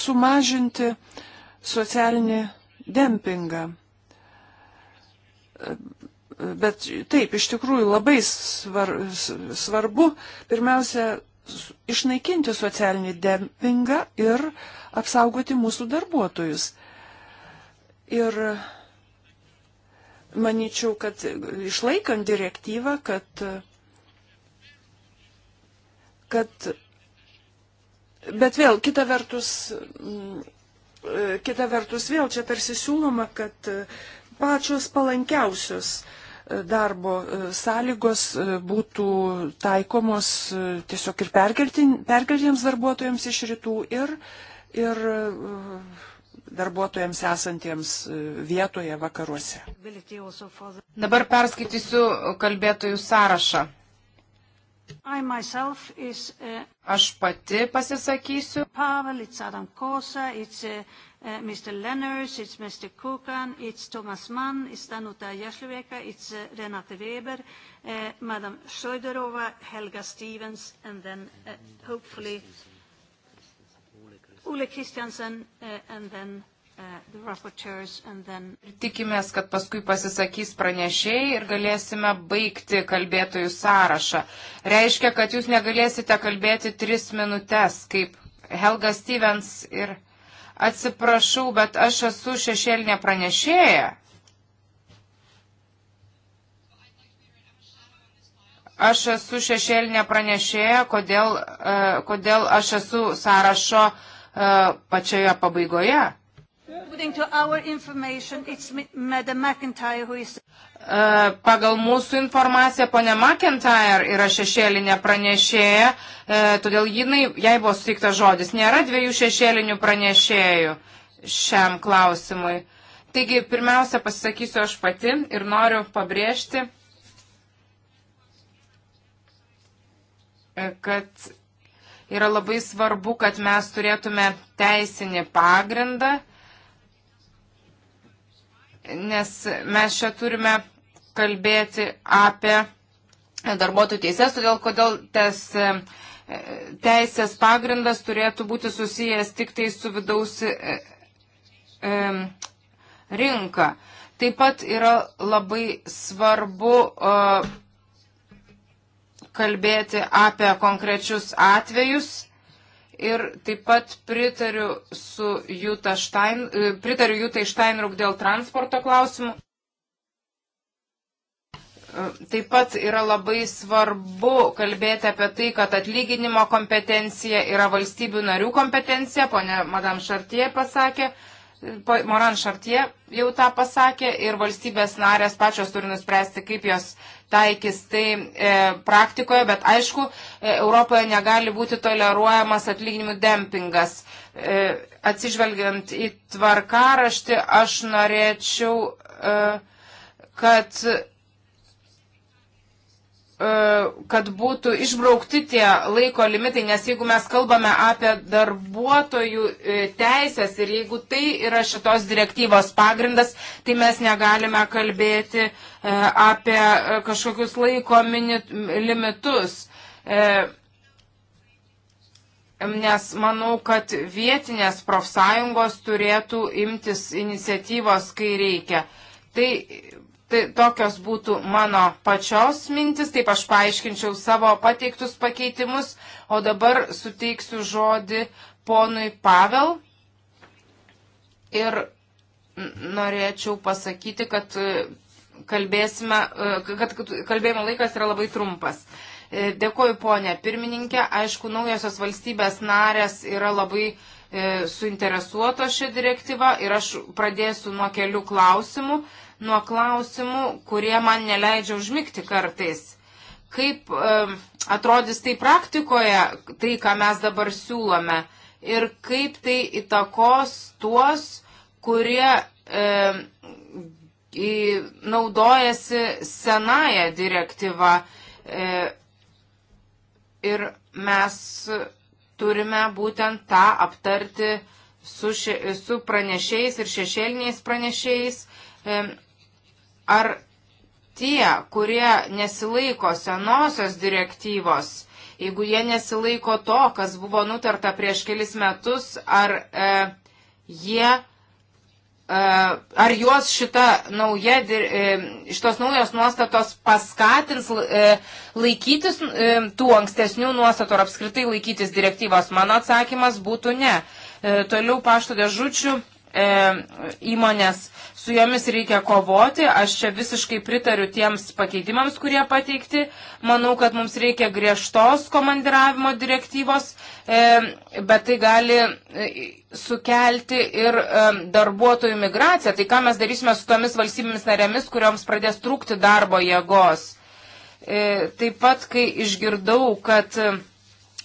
sumažinti socialinį dempingą. Bet taip, iš tikrųjų labai svar, svarbu pirmiausia išnaikinti socialinį dempingą ir apsaugoti mūsų darbuotojus. Ir manyčiau, kad išlaikant direktyvą, kad, kad Bet vėl, kita vertus, kita vertus vėl čia tarsi siūloma, kad pačios palankiausios darbo sąlygos būtų taikomos tiesiog ir perkeltiems darbuotojams iš rytų ir, ir darbuotojams esantiems e, vietoje vakaruose. Dabar perskaitysiu kalbėtojų sąrašą. Is, uh, Aš pati pasisakysiu. Pavel, it's Adam Kosa, it's uh, uh, Mr. Lenners, it's Mr. Kukan, it's Thomas Mann, it's Danuta Jasleveka, it's uh, Renate Weber, uh, Madam Šojderova, Helga Stevens, and then uh, hopefully... Uh, Ule Kristiansen uh, and then Ir tikimės, kad paskui pasisakys pranešėjai ir galėsime baigti kalbėtojų sąrašą. Reiškia, kad jūs negalėsite kalbėti tris minutės, kaip Helga Stevens ir atsiprašau, bet aš esu šešėlinė pranešėja. Aš esu šešėlinė pranešėja, kodėl, eh, kodėl aš esu sąrašo uh, pačioje pabaigoje. Pagal mūsų informaciją ponė McIntyre yra šešėlinė pranešėja, todėl jinai, jai buvo suteiktas žodis. Nėra dviejų šešėlinių pranešėjų šiam klausimui. Taigi, pirmiausia, pasisakysiu aš pati ir noriu pabrėžti, kad yra labai svarbu, kad mes turėtume teisinį pagrindą, nes mes čia turime kalbėti apie darbuotojų teises, todėl kodėl tas e, teisės pagrindas turėtų būti susijęs tik tai su vidaus e, e, rinka. Taip pat yra labai svarbu kalbėti apie konkrečius atvejus. Ir taip pat pritariu, Juta Štain, e, pritariu Jutai Štainruk dėl transporto klausimų. E, taip pat yra labai svarbu kalbėti apie tai, kad atlyginimo kompetencija yra valstybių narių kompetencija, ponė Madame Šartie pasakė, e, Moran Šartie jau tą pasakė ir valstybės narės pačios turi nuspręsti, kaip jos taikys tai e, praktikoje, bet aišku, e, Europoje negali būti toleruojamas atlyginimų dempingas. E, atsižvelgiant į tvarkaraštį, aš norėčiau, e, kad E, kad būtų išbraukti tie laiko limitai, nes jeigu mes kalbame apie darbuotojų e, teisės ir jeigu tai yra šitos direktyvos pagrindas, tai mes negalime kalbėti e, apie kažkokius laiko limitus. Nes manau, kad vietinės profsąjungos turėtų imtis iniciatyvos, kai reikia. Tai Tai tokios būtų mano pačios mintis, taip aš paaiškinčiau savo pateiktus pakeitimus, o dabar suteiksiu žodį ponui Pavel. Ir norėčiau pasakyti, kad, e, kalbėsime, e, kad kalbėjimo laikas yra labai trumpas. E, dėkoju, ponė pirmininkė. Aišku, naujosios valstybės narės yra labai suinteresuoto šią direktyvą ir aš pradėsiu nuo kelių klausimų nuo klausimų, kurie man neleidžia užmygti kartais. Kaip e, atrodys tai praktikoje, tai, ką mes dabar siūlome, ir kaip tai įtakos tuos, kurie e, į, naudojasi senąją direktyvą. E, ir mes turime būtent tą aptarti su, še, su pranešėjais ir šešėliniais pranešėjais. E, ar tie, kurie nesilaiko senosios direktyvos, jeigu jie nesilaiko to, kas buvo nutarta prieš kelis metus, ar e, jie e, ar juos šita nauja, e, šitos naujos nuostatos paskatins e, laikytis tų ankstesnių nuostatų ar apskritai laikytis direktyvos? Mano atsakymas būtų ne. Toliau pašto dėžučių įmonės su jomis reikia kovoti. Aš čia visiškai pritariu tiems pakeitimams, kurie pateikti. Manau, kad mums reikia griežtos komandiravimo direktyvos, e, bet tai gali e, sukelti ir e, darbuotojų migraciją. Tai ką mes darysime su tomis valstybėmis narėmis, kurioms pradės trūkti darbo jėgos. Taip pat, kai išgirdau, kad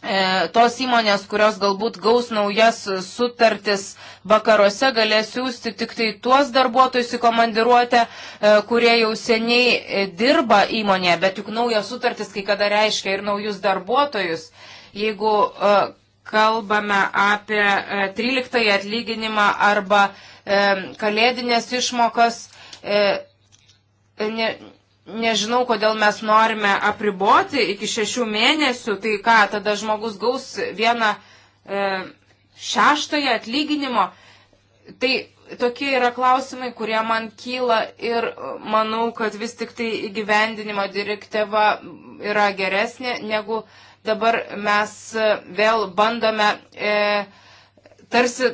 E, tos įmonės, kurios galbūt gaus naujas sutartis vakaruose, galės siūsti tik tai tuos darbuotojus į komandiruotę, e, kurie jau seniai e, dirba įmonėje, bet juk naujas sutartis kai kada reiškia ir naujus darbuotojus. Jeigu kalbame apie 13 atlyginimą arba kalėdinės išmokas, ne, nežinau, kodėl mes norime apriboti iki šešių mėnesių, tai ką, tada žmogus gaus vieną e, šeštąją atlyginimo. Tai tokie yra klausimai, kurie man kyla ir manau, kad vis tik tai įgyvendinimo direktyva yra geresnė, negu dabar mes vėl bandome e, tarsi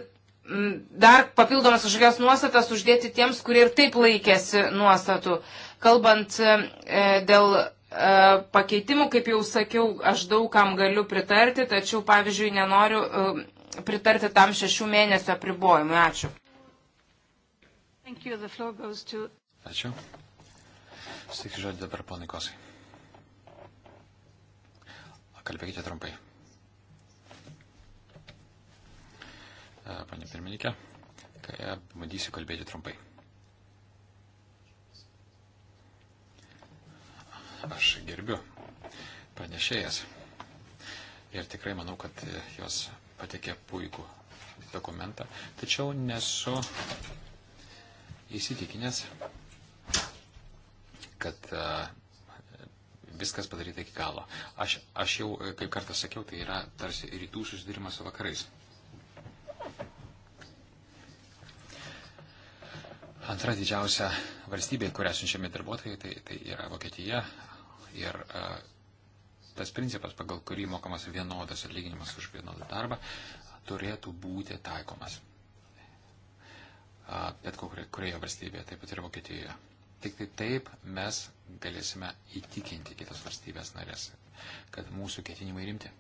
dar papildomas kažkokias nuostatas uždėti tiems, kurie ir taip laikėsi nuostatų. Kalbant e, e dėl e, pakeitimų, kaip jau sakiau, aš daugam galiu pritarti, tačiau, pavyzdžiui, nenoriu e, pritarti tam šešių mėnesių apribojimui. Ačiū. To... Ačiū. Stik žodį dabar, ponai Kosai. Kalbėkite trumpai. Pane pirmininkė, bandysiu kalbėti trumpai. Aš gerbiu panešėjas ir tikrai manau, kad jos patikė puikų dokumentą, tačiau nesu įsitikinęs, kad viskas padaryta iki galo. Aš, aš jau, kaip kartą sakiau, tai yra tarsi rytų susidūrimas su vakarais. antra didžiausia valstybė, kurią siunčiami darbuotojai, tai, tai yra Vokietija. Ir a, e, tas principas, pagal kurį mokamas vienodas atlyginimas už vienodą darbą, turėtų būti taikomas. A, bet kurioje kurie valstybėje, taip pat ir Vokietijoje. Tik tai taip mes galėsime įtikinti kitas valstybės narės, kad mūsų ketinimai rimti.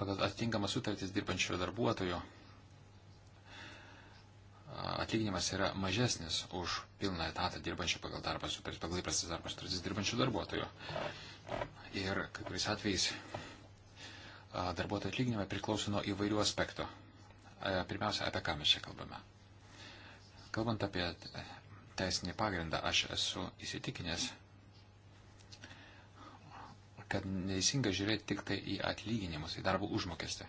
pagal atitinkamas sutartis dirbančiojo darbuotojo atlyginimas yra mažesnis už pilną etatą dirbančio pagal darbą sutartis, pagal įprastas darbas sutartis dirbančio darbuotojo. Ir kai kuriais atvejais darbuotojo atlyginimai priklauso nuo įvairių aspektų. Pirmiausia, apie ką mes čia kalbame. Kalbant apie teisinį pagrindą, aš esu įsitikinęs, kad neteisinga žiūrėti tik tai į atlyginimus, į darbo užmokestį.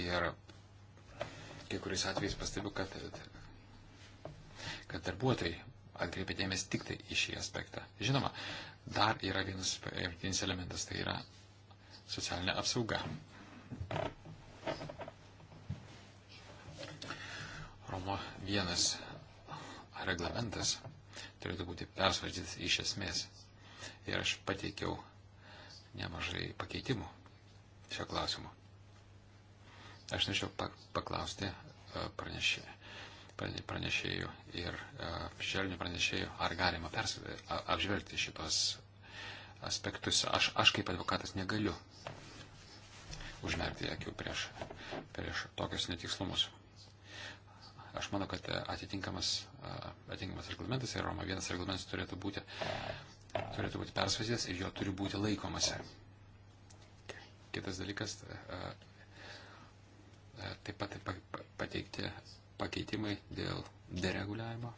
Ir kai kuriais atvejais pastebiu, kad, kad darbuotojai atkreipia dėmesį tik tai į šį aspektą. Žinoma, dar yra vienas, vienas elementas, tai yra socialinė apsauga. Romo vienas reglamentas turėtų būti persvarstytas iš esmės ir aš pateikiau nemažai pakeitimų šio klausimu. Aš norėčiau paklausti e, pranešė, pranešėjų ir e, šešėlinių pranešėjų, ar galima pers, apžvelgti šitos aspektus. Aš, aš kaip advokatas negaliu užmerkti akių prieš, prieš tokius netikslumus. Aš manau, kad atitinkamas, e, atitinkamas reglamentas ir Roma vienas reglamentas turėtų būti turėtų būti persvastytas ir jo turi būti laikomasi. Kitas dalykas, e, e, taip pat pateikti pakeitimai dėl dereguliavimo.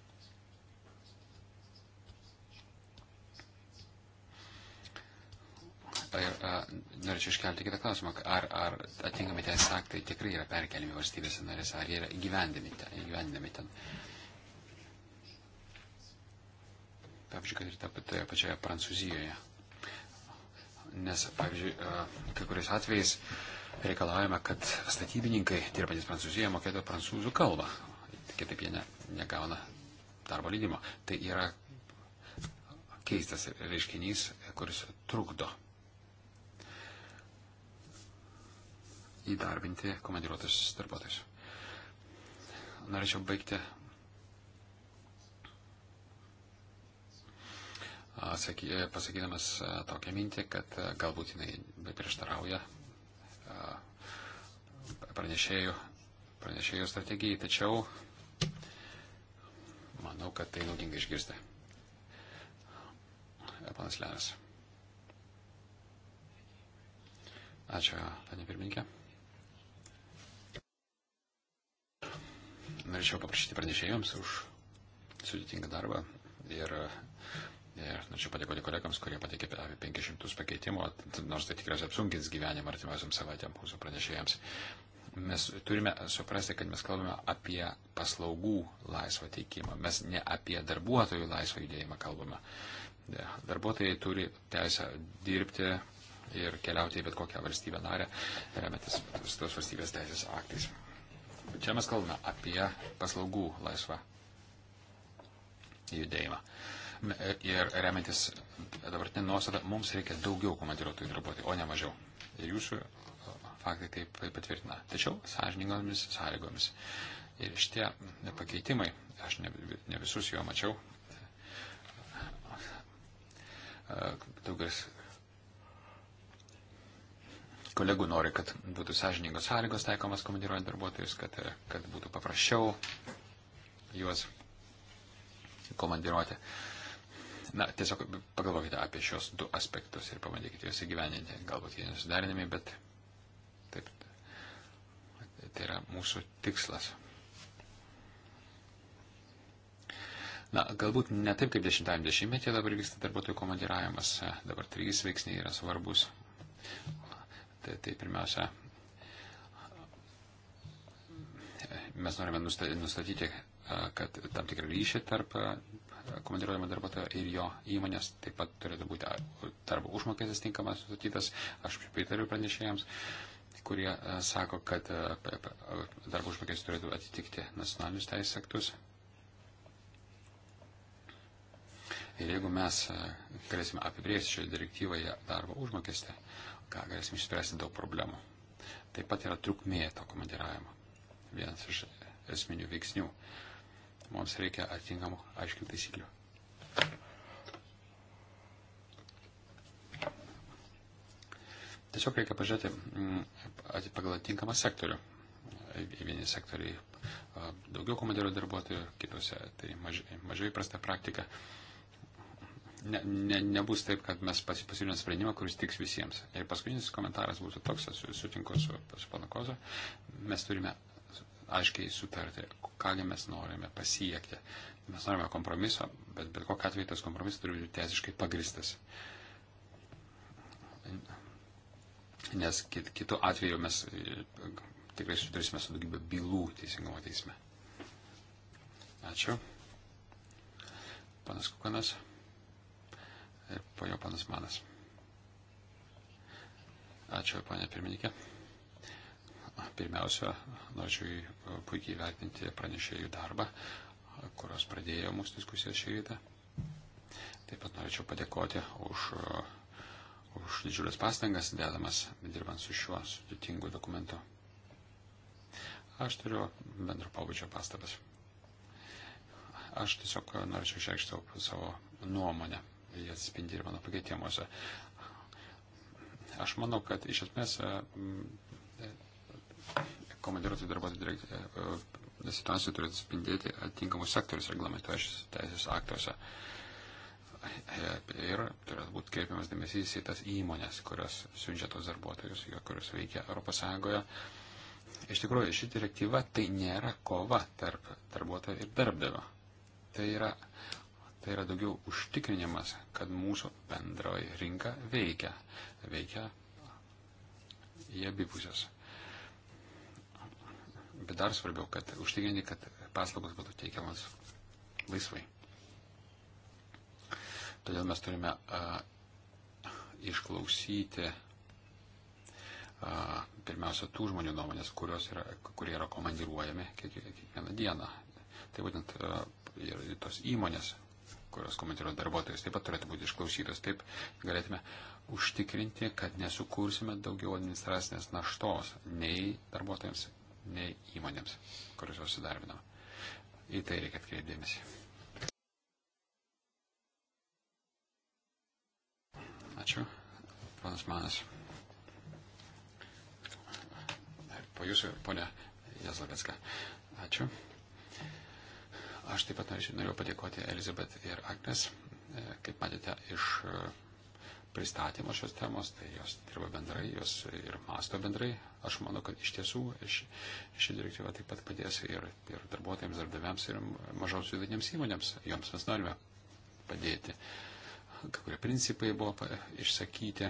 Ir norėčiau iškelti kitą klausimą, ar, ar atinkami teisės aktai tikrai yra perkeliami valstybėse narėse, ar jie yra gyvendami ten. Gyvendami ten. Uh, pavyzdžiui, kad ir ta, toje pačioje Prancūzijoje. Nes, pavyzdžiui, e, kai kuriais atvejais reikalavome, kad statybininkai, dirbantis Prancūzijoje, mokėtų prancūzų kalbą, kitaip jie ne, negauna darbo lydimo. Tai yra keistas reiškinys, kuris trukdo įdarbinti komandiruotus darbuotojus. Norėčiau baigti saky, pasakydamas e, tokią mintį, kad e, galbūt jinai prieštarauja e, pranešėjų, pranešėjų strategijai, tačiau manau, kad tai naudinga išgirsti. Panas Leras. Ačiū, panė pirmininkė. Norėčiau paprašyti pranešėjams už sudėtingą darbą ir Ir norėčiau padėkoti kolegams, kurie patikė apie 500 pakeitimų, nors tai tikriausiai apsunkins gyvenimą artimiausiam savaitėm mūsų pranešėjams. Mes turime suprasti, kad mes kalbame apie paslaugų laisvą teikimą, mes ne apie darbuotojų laisvą judėjimą kalbame. Darbuotojai turi teisę dirbti ir keliauti į bet kokią valstybę narę, remiantis tos valstybės teisės aktais. Čia mes kalbame apie paslaugų laisvą judėjimą. Uh, ir remiantis dabartinė nuostata, mums reikia daugiau komandiruotojų darbuotojų, o ne mažiau. Ir jūsų faktai taip patvirtina. Tačiau sąžiningomis sąlygomis. Ir šitie pakeitimai, aš ne, ne visus jo mačiau, daugelis kolegų nori, kad būtų sąžiningos sąlygos taikomas komandiruojant darbuotojus, kad, kad būtų paprasčiau juos komandiruoti. Uh, Na, tiesiog pagalvokite apie šios du aspektus ir pabandykite juos įgyveninti. Galbūt jie nesudarinami, bet taip, tai yra mūsų tikslas. Na, galbūt ne taip kaip 10-metyje dabar vyksta darbuotojų komandiravimas. Dabar trys veiksniai yra svarbus. Tai, tai pirmiausia, mes norime nustatyti kad tam tikrą ryšį tarp komandiruojamo darbuotojo ir jo įmonės taip pat turėtų būti darbo užmokestis tinkamas nustatytas. Aš pritariu pranešėjams, kurie sako, kad darbo užmokestis turėtų atitikti nacionalinius teisės aktus. Ir jeigu mes galėsime apibrėžti šioje direktyvoje darbo užmokestį, ką galėsime išspręsti daug problemų. Taip pat yra trukmė to komandiravimo. Vienas iš esminių veiksnių. Uh, mums reikia atitinkamų aiškių taisyklių. Tiesiog reikia pažiūrėti mm, pagal atitinkamą sektorių. Vieni sektoriai daugiau komandiruoja darbuotojų, kitose tai mažai, mažai prasta praktika. Ne, ne, nebus taip, kad mes pasiūlėm sprendimą, kuris tiks visiems. Ir paskutinis komentaras būtų toks, aš sutinku su, su panakozo, mes turime aiškiai sutarti, kągi mes norime pasiekti. Mes norime kompromiso, bet bet kokia atveju tas kompromisas turi būti teisiškai pagristas. Nes kit, kitu atveju mes e, tikrai sutursime su daugybė bylų teisingumo teisme. Ačiū. Panas Kukanas ir po jo panas Manas. Ačiū, panė pirmininkė. Pirmiausia, norėčiau e, puikiai vertinti pranešėjų darbą, kurios pradėjo mūsų diskusiją šį rytą. Taip pat norėčiau padėkoti už, e, už didžiulės pastangas dedamas, dirbant su šiuo sudėtingu dokumentu. Aš turiu bendro pabudžio pastabas. Aš tiesiog norėčiau išreikšti savo nuomonę. Jie atspindi ir mano pakeitimuose. Aš manau, kad iš esmės komandiruotų darbuotojų e, e, situacijų turėtų spindėti atitinkamus sektorius reglamentuojančius teisės aktuose. E, ir turėtų būti kreipiamas dėmesys į tas įmonės, kurios siunčia tos darbuotojus, kurios veikia ES. Iš tikrųjų, ši direktyva tai nėra kova tarp darbuotojo ir darbdavio. Tai yra, tai yra daugiau užtikrinimas, kad mūsų bendroji rinka veikia. Veikia į abipusės bet dar svarbiau, kad užtikrinti, kad paslaugos būtų teikiamas laisvai. Todėl mes turime a, išklausyti a, pirmiausia tų žmonių nuomonės, yra, kurie yra komandiruojami kiek, kiekvieną dieną. Tai būtent a, ir tos įmonės, kurios komandiruoja darbuotojus, taip pat turėtų būti išklausytos. Taip galėtume užtikrinti, kad nesukursime daugiau administracinės naštos nei darbuotojams, nei įmonėms, kurios juos įdarbino. Į tai reikia atkreipti dėmesį. Ačiū, panas Manas. Po jūsų, ponė Jazlovecka. Ačiū. Aš taip pat norėčiau, norėjau padėkoti Elizabet ir Agnes. E, kaip matėte, iš e, pristatymą šios temos, tai jos dirba bendrai, jos ir masto bendrai. Aš manau, kad iš tiesų ši, ši direktyva taip pat padės ir, ir darbuotojams, darbdaviams, ir mažos vidutinėms įmonėms, joms mes norime padėti. Kai kurie principai buvo išsakyti.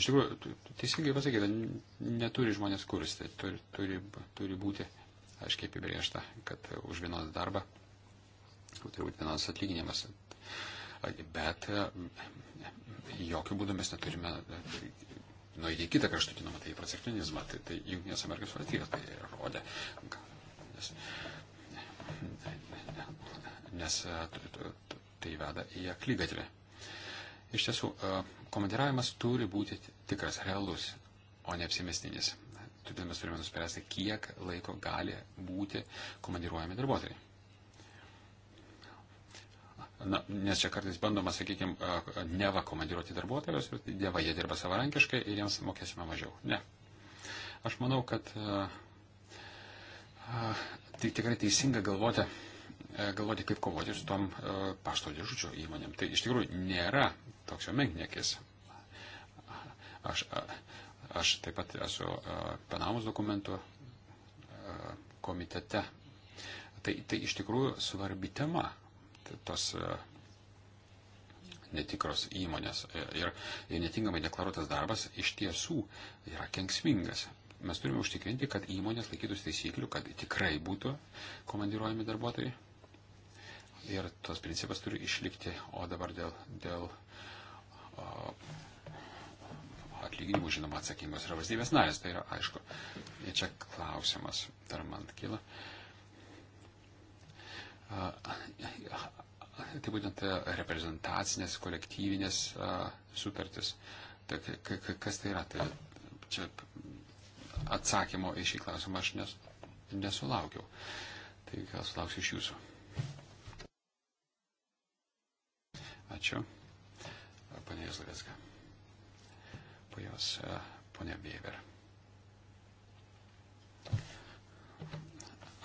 Iš tikrųjų, teisingai pasakyta, neturi žmonės kursti, turi, turi, turi būti aiškiai apibriešta, kad už vienos darbą turi būti vienos atlyginimas. Bet jokių būdų mes neturime nueiti į kitą kraštutinumą, tai į protekcionizmą. Tai, tai Junktinės Amerikos valstybės tai rodė. Nes, nes tai veda į aklygatvį. Iš tiesų, komandiravimas turi būti tikras, realus, o ne apsimestinis. Todėl mes turime nuspręsti, kiek laiko gali būti komandiruojami darbuotojai. Na, nes čia kartais bandoma, sakykime, neva komandiruoti darbuotojus, bet dieva jie dirba savarankiškai ir jiems mokėsime mažiau. Ne. Aš manau, kad a, a, tai tikrai teisinga galvoti, a, galvoti kaip kovoti su tom a, pašto dėžučio įmonėm. Tai iš tikrųjų nėra toks jau menkniekis. Aš, a, aš taip pat esu a, Panamos dokumentų a, komitete. Tai, tai iš tikrųjų svarbi tema tos e, netikros įmonės e, ir, ir netinkamai deklaruotas darbas iš tiesų yra kenksmingas. Mes turime užtikrinti, kad įmonės laikytųsi taisyklių, kad tikrai būtų komandiruojami darbuotojai. Ir tas principas turi išlikti. O dabar dėl, dėl o, atlyginimų, žinoma, atsakingos yra valstybės narės, tai yra aišku. Ir čia klausimas, dar man kyla. O, tai būtent reprezentacinės, kolektyvinės sutartis. Tai kas tai yra? Tai čia atsakymo į šį klausimą aš nes, nesulaukiau. Tai gal sulauksiu iš jūsų. Ačiū. Pane Jezlovėska. Po jos, ponė Bėver.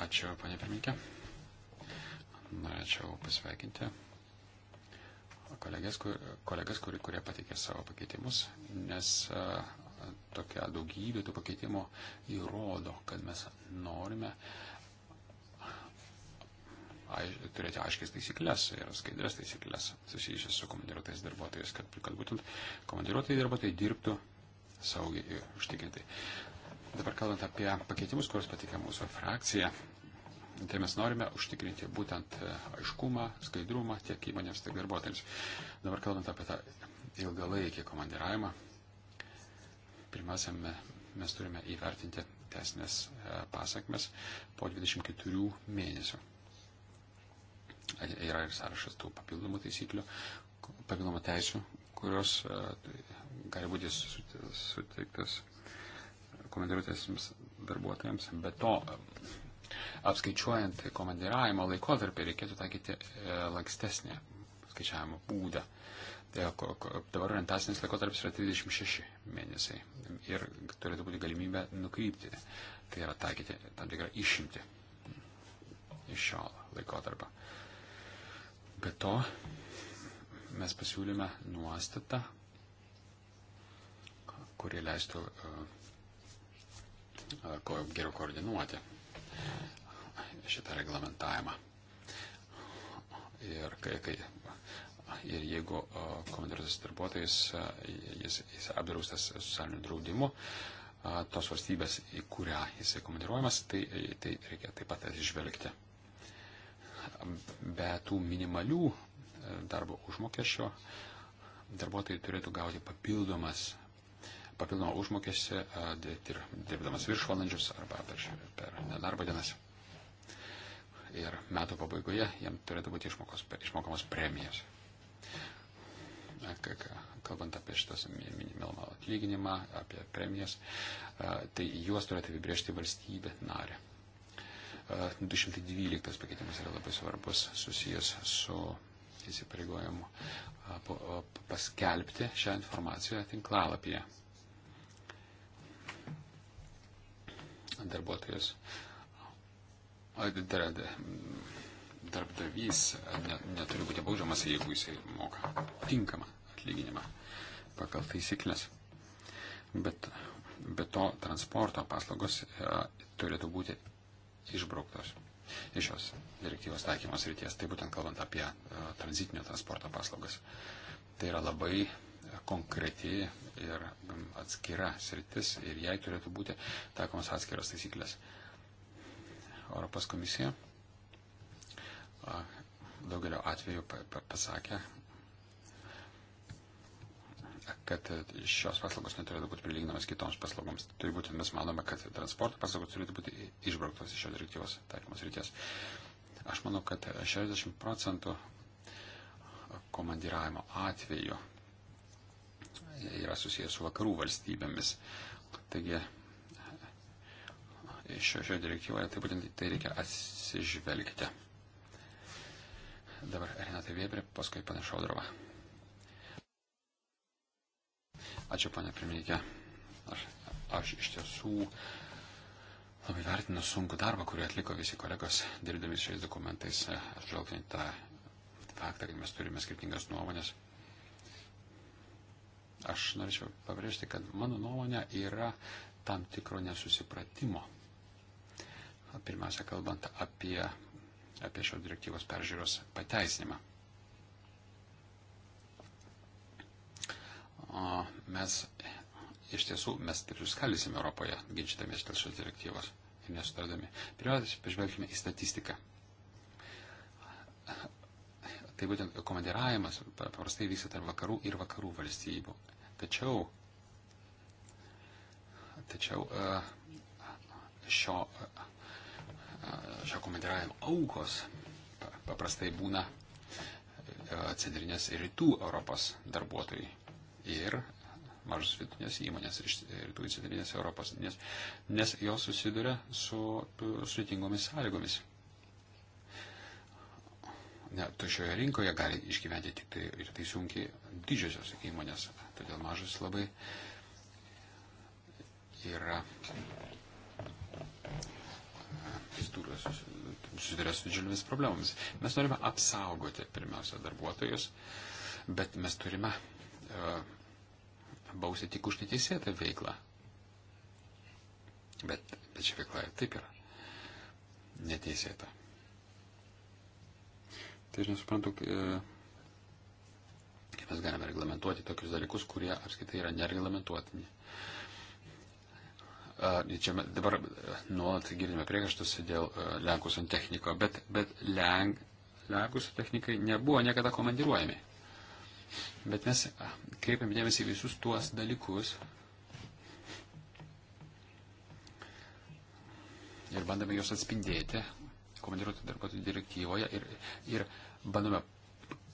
Ačiū, ponė pirmininkė norėčiau pasveikinti kolegas, kur, kolegas kur, kurie pateikė savo pakeitimus, nes a, tokia daugybė tų pakeitimų įrodo, kad mes norime aiš, turėti aiškias taisyklės ir skaidrės taisyklės susijusias su komandiruotais darbuotojais, kad, kad būtent komandiruotai darbuotojai dirbtų saugiai ir užtikrintai. Dabar kalbant apie pakeitimus, kuriuos patikė mūsų frakcija, Tai mes norime užtikrinti būtent e, aiškumą, skaidrumą tiek įmonėms, tiek darbuotojams. Dabar kalbant apie tą ilgalaikį komandiravimą, pirmiausia, mes turime įvertinti tesnės e, pasakmes po 24 mėnesių. Yra ir sąrašas tų papildomų taisyklių, papildomų teisių, kurios e, tai gali būti suteiktas komandiruotėsiams darbuotojams. Be to, Apskaičiuojant komandiravimo laikotarpį reikėtų taikyti e, lankstesnį skaičiavimo būdą. Tai dabar orientacinis laikotarpis yra 36 mėnesiai ir turėtų būti galimybė nukrypti, tai yra taikyti tam tikrą išimti iš šio laikotarpio. Be to, mes pasiūlėme nuostatą, kuri leistų uh, uh, geriau koordinuoti šitą reglamentavimą. Ir, kai, kai, ir jeigu komandiruotas darbuotojas, jis, jis apdraustas socialiniu draudimu, tos valstybės, į kurią jisai komandiruojamas, tai, tai reikia taip pat atsižvelgti. Be tų minimalių e, darbo užmokesčio darbuotojai turėtų gauti papildomas papildomą užmokestį, dirbdamas viršvalandžius arba per, per nedarbo dienas. Ir metų pabaigoje jam turėtų būti išmokos, išmokamos premijos. Kalbant apie šitas minimalą atlyginimą, apie premijas, tai juos turėtų apibriežti valstybė narė. 212 pakeitimas yra labai svarbus susijęs su įsipareigojimu paskelbti šią informaciją tinklalapyje. darbuotojas, darbdavys neturi būti baudžiamas, jeigu jisai moka tinkamą atlyginimą pagal taisyklės. Bet, bet to transporto paslaugos e, turėtų būti išbrauktos iš šios direktyvos taikymos ryties, tai būtent kalbant apie e, tranzitinio transporto paslaugas. Tai yra labai e, konkreti yra atskira sritis ir jai turėtų būti taikomas atskiras taisyklės. Europos komisija daugelio atveju pasakė, kad šios paslaugos neturėtų būti prilyginamas kitoms paslaugoms. Turi būti, mes manome, kad transporto paslaugos turėtų būti išbrauktos iš šios direktyvos taikymos ryties. Aš manau, kad 60 procentų komandiravimo atveju yra susijęs su vakarų valstybėmis. Taigi šioje direktyvoje tai būtent tai reikia atsižvelgti. Dabar Renata Vėbrė, paskui panašaudrova. Ačiū, ponė pirmininkė. Aš, aš iš tiesų labai vertinu sunku darbą, kurį atliko visi kolegos, dirbdami šiais dokumentais, atžvelgiant tą faktą, kad mes turime skirtingas nuomonės Aš norėčiau pabrėžti, kad mano nuomonė yra tam tikro nesusipratimo. Pirmiausia, kalbant apie, apie šio direktyvos peržiūros pateisinimą. Mes iš tiesų, mes taip suskaldysime Europoje, ginčytamės dėl šios direktyvos ir nesutardami. Pirmiausia, pažvelgime į statistiką. Tai būtent komandiravimas paprastai vyksta tarp vakarų ir vakarų valstybių. Tačiau, tačiau e, šio, e, šio komandiravimo aukos paprastai būna e, centrinės rytų Europos darbuotojai ir mažos vidutinės įmonės iš rytų centrinės Europos, nes, nes jos susiduria su sudėtingomis sąlygomis ne, šioje rinkoje gali išgyventi tik tai ir tai sunkiai didžiosios įmonės. Todėl mažas labai yra e, susiduria su didžiulėmis problemomis. Mes norime apsaugoti pirmiausia darbuotojus, bet mes turime uh, bausti tik už neteisėtą veiklą. Bet, bet ši veikla taip yra neteisėta. Tai aš nesuprantu, e, kaip mes galime reglamentuoti tokius dalykus, kurie apskaitai yra nereglamentuotini. Tai čia dabar e, nuolat girdime priekaštus dėl e, Lenkų santechniko, bet, bet Lenk, Lenkų santechnikai nebuvo niekada komandiruojami. Bet mes kreipiam dėmesį visus tuos dalykus ir bandome juos atspindėti komandiruotų darbuotojų direktyvoje ir, ir bandome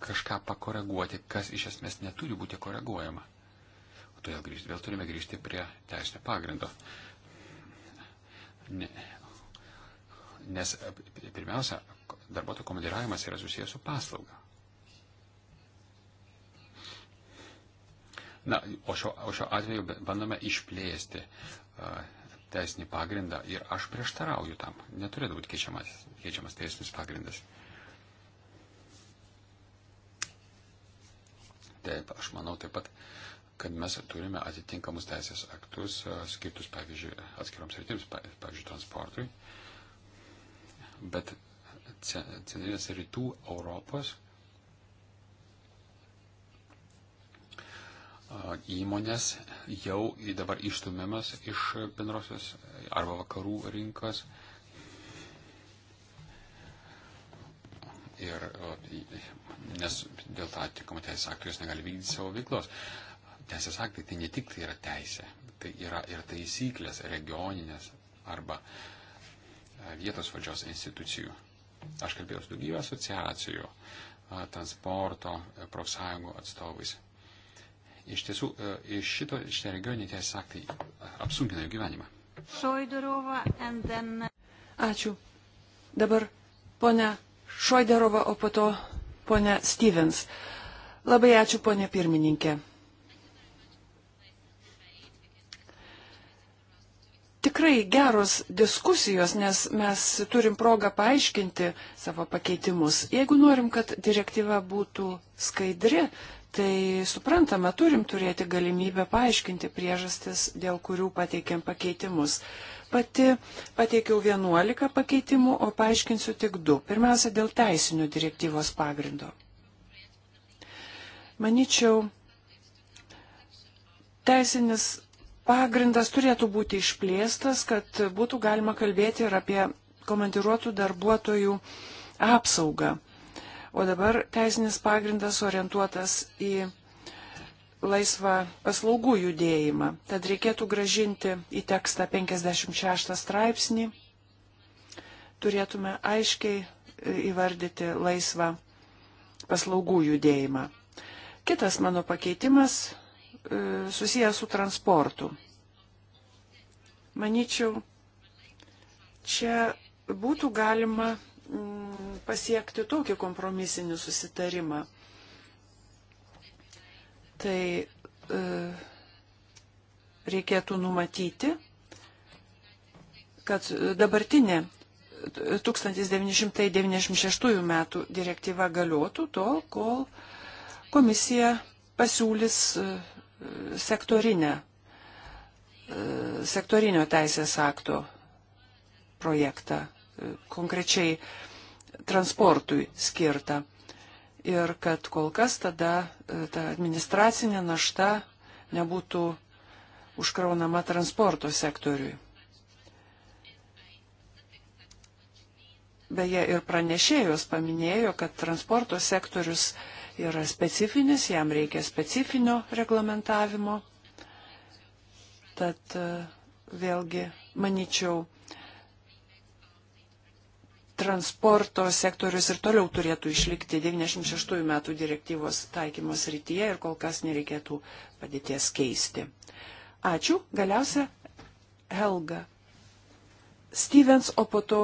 kažką pakoreguoti, kas iš esmės neturi būti koreguojama. O todėl grįžti, vėl turime grįžti prie teisinio pagrindo. Ne, nes pirmiausia, darbuotojų komandiravimas yra susijęs su paslauga. Na, o šiuo, o šiuo atveju bandome išplėsti uh, teisinį pagrindą ir aš prieštarauju tam. Neturėtų būti keičiamas, keičiamas teisinis pagrindas. Taip, aš manau taip pat, kad mes turime atitinkamus teisės aktus, e, skirtus, pavyzdžiui, atskiroms rytims, pavyzdžiui, transportui. Bet centrinės rytų Europos įmonės jau dabar ištumiamas iš bendrosios arba vakarų rinkos. Ir, tai, nes dėl to atitinkamo teisės aktų jos negali vykdyti savo veiklos. Teisės aktai tai ne tik tai yra teisė, tai yra ir taisyklės regioninės arba vietos valdžios institucijų. Aš kalbėjau su daugybė asociacijų, transporto, profsąjungų atstovais. Iš tiesų, e, iš šito, šitie regioniniai teisės aktai apsunkina jų gyvenimą. Šoiderova, and then... Ačiū. Dabar ponia Šoiderova, o po to ponia Stevens. Labai ačiū, ponia pirmininkė. tikrai geros diskusijos, nes mes turim progą paaiškinti savo pakeitimus. Jeigu norim, kad direktyva būtų skaidri, Tai suprantama, turim turėti galimybę paaiškinti priežastis, dėl kurių pateikėm pakeitimus. Pati pateikiau 11 pakeitimų, o paaiškinsiu tik 2. Pirmiausia, dėl teisinių direktyvos pagrindo. Maničiau, teisinis pagrindas turėtų būti išplėstas, kad būtų galima kalbėti ir apie komandiruotų darbuotojų apsaugą O dabar teisinis pagrindas orientuotas į laisvą paslaugų judėjimą. Tad reikėtų gražinti į tekstą 56 straipsnį. Turėtume aiškiai e, įvardyti laisvą paslaugų judėjimą. Kitas mano pakeitimas e, susijęs su transportu. Maničiau, čia būtų galima pasiekti tokį kompromisinį susitarimą. Tai e, reikėtų numatyti, kad dabartinė 1996 metų direktyva galiotų tol, kol komisija pasiūlys e, sektorinę, e, sektorinio teisės akto projektą, e, konkrečiai transportui skirtą. Ir kad kol kas tada e, ta administracinė našta nebūtų užkraunama transporto sektoriui. Beje, ir pranešėjos paminėjo, kad transporto sektorius yra specifinis, jam reikia specifinio reglamentavimo. Tad e, vėlgi, manyčiau, transporto sektorius ir toliau turėtų išlikti 96 metų direktyvos taikymos rytyje ir kol kas nereikėtų padėties keisti. Ačiū. Galiausia Helga Stevens, o po to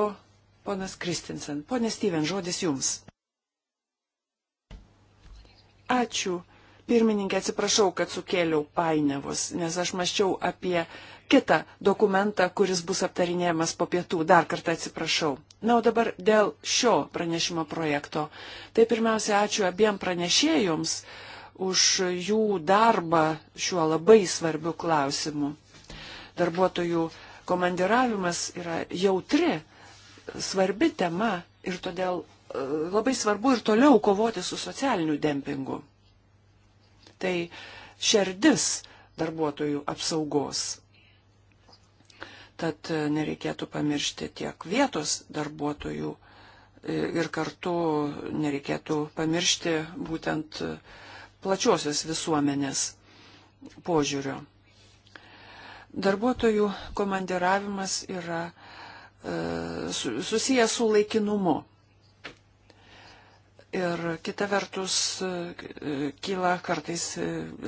ponas Kristinsen. Pone Stevens, žodis jums. Ačiū. Pirmininkė, atsiprašau, kad sukėliau painiavus, nes aš maščiau apie kitą dokumentą, kuris bus aptarinėjamas po pietų. Dar kartą atsiprašau. Na, o dabar dėl šio pranešimo projekto. Tai pirmiausia, ačiū abiem pranešėjoms už jų darbą šiuo labai svarbiu klausimu. Darbuotojų komandiravimas yra jautri, svarbi tema ir todėl e, labai svarbu ir toliau kovoti su socialiniu dempingu tai šerdis darbuotojų apsaugos. Tad e, nereikėtų pamiršti tiek vietos darbuotojų e, ir kartu nereikėtų pamiršti būtent e, plačiosios visuomenės požiūrio. Darbuotojų komandiravimas yra susijęs su laikinumu. Ir kita vertus kyla kartais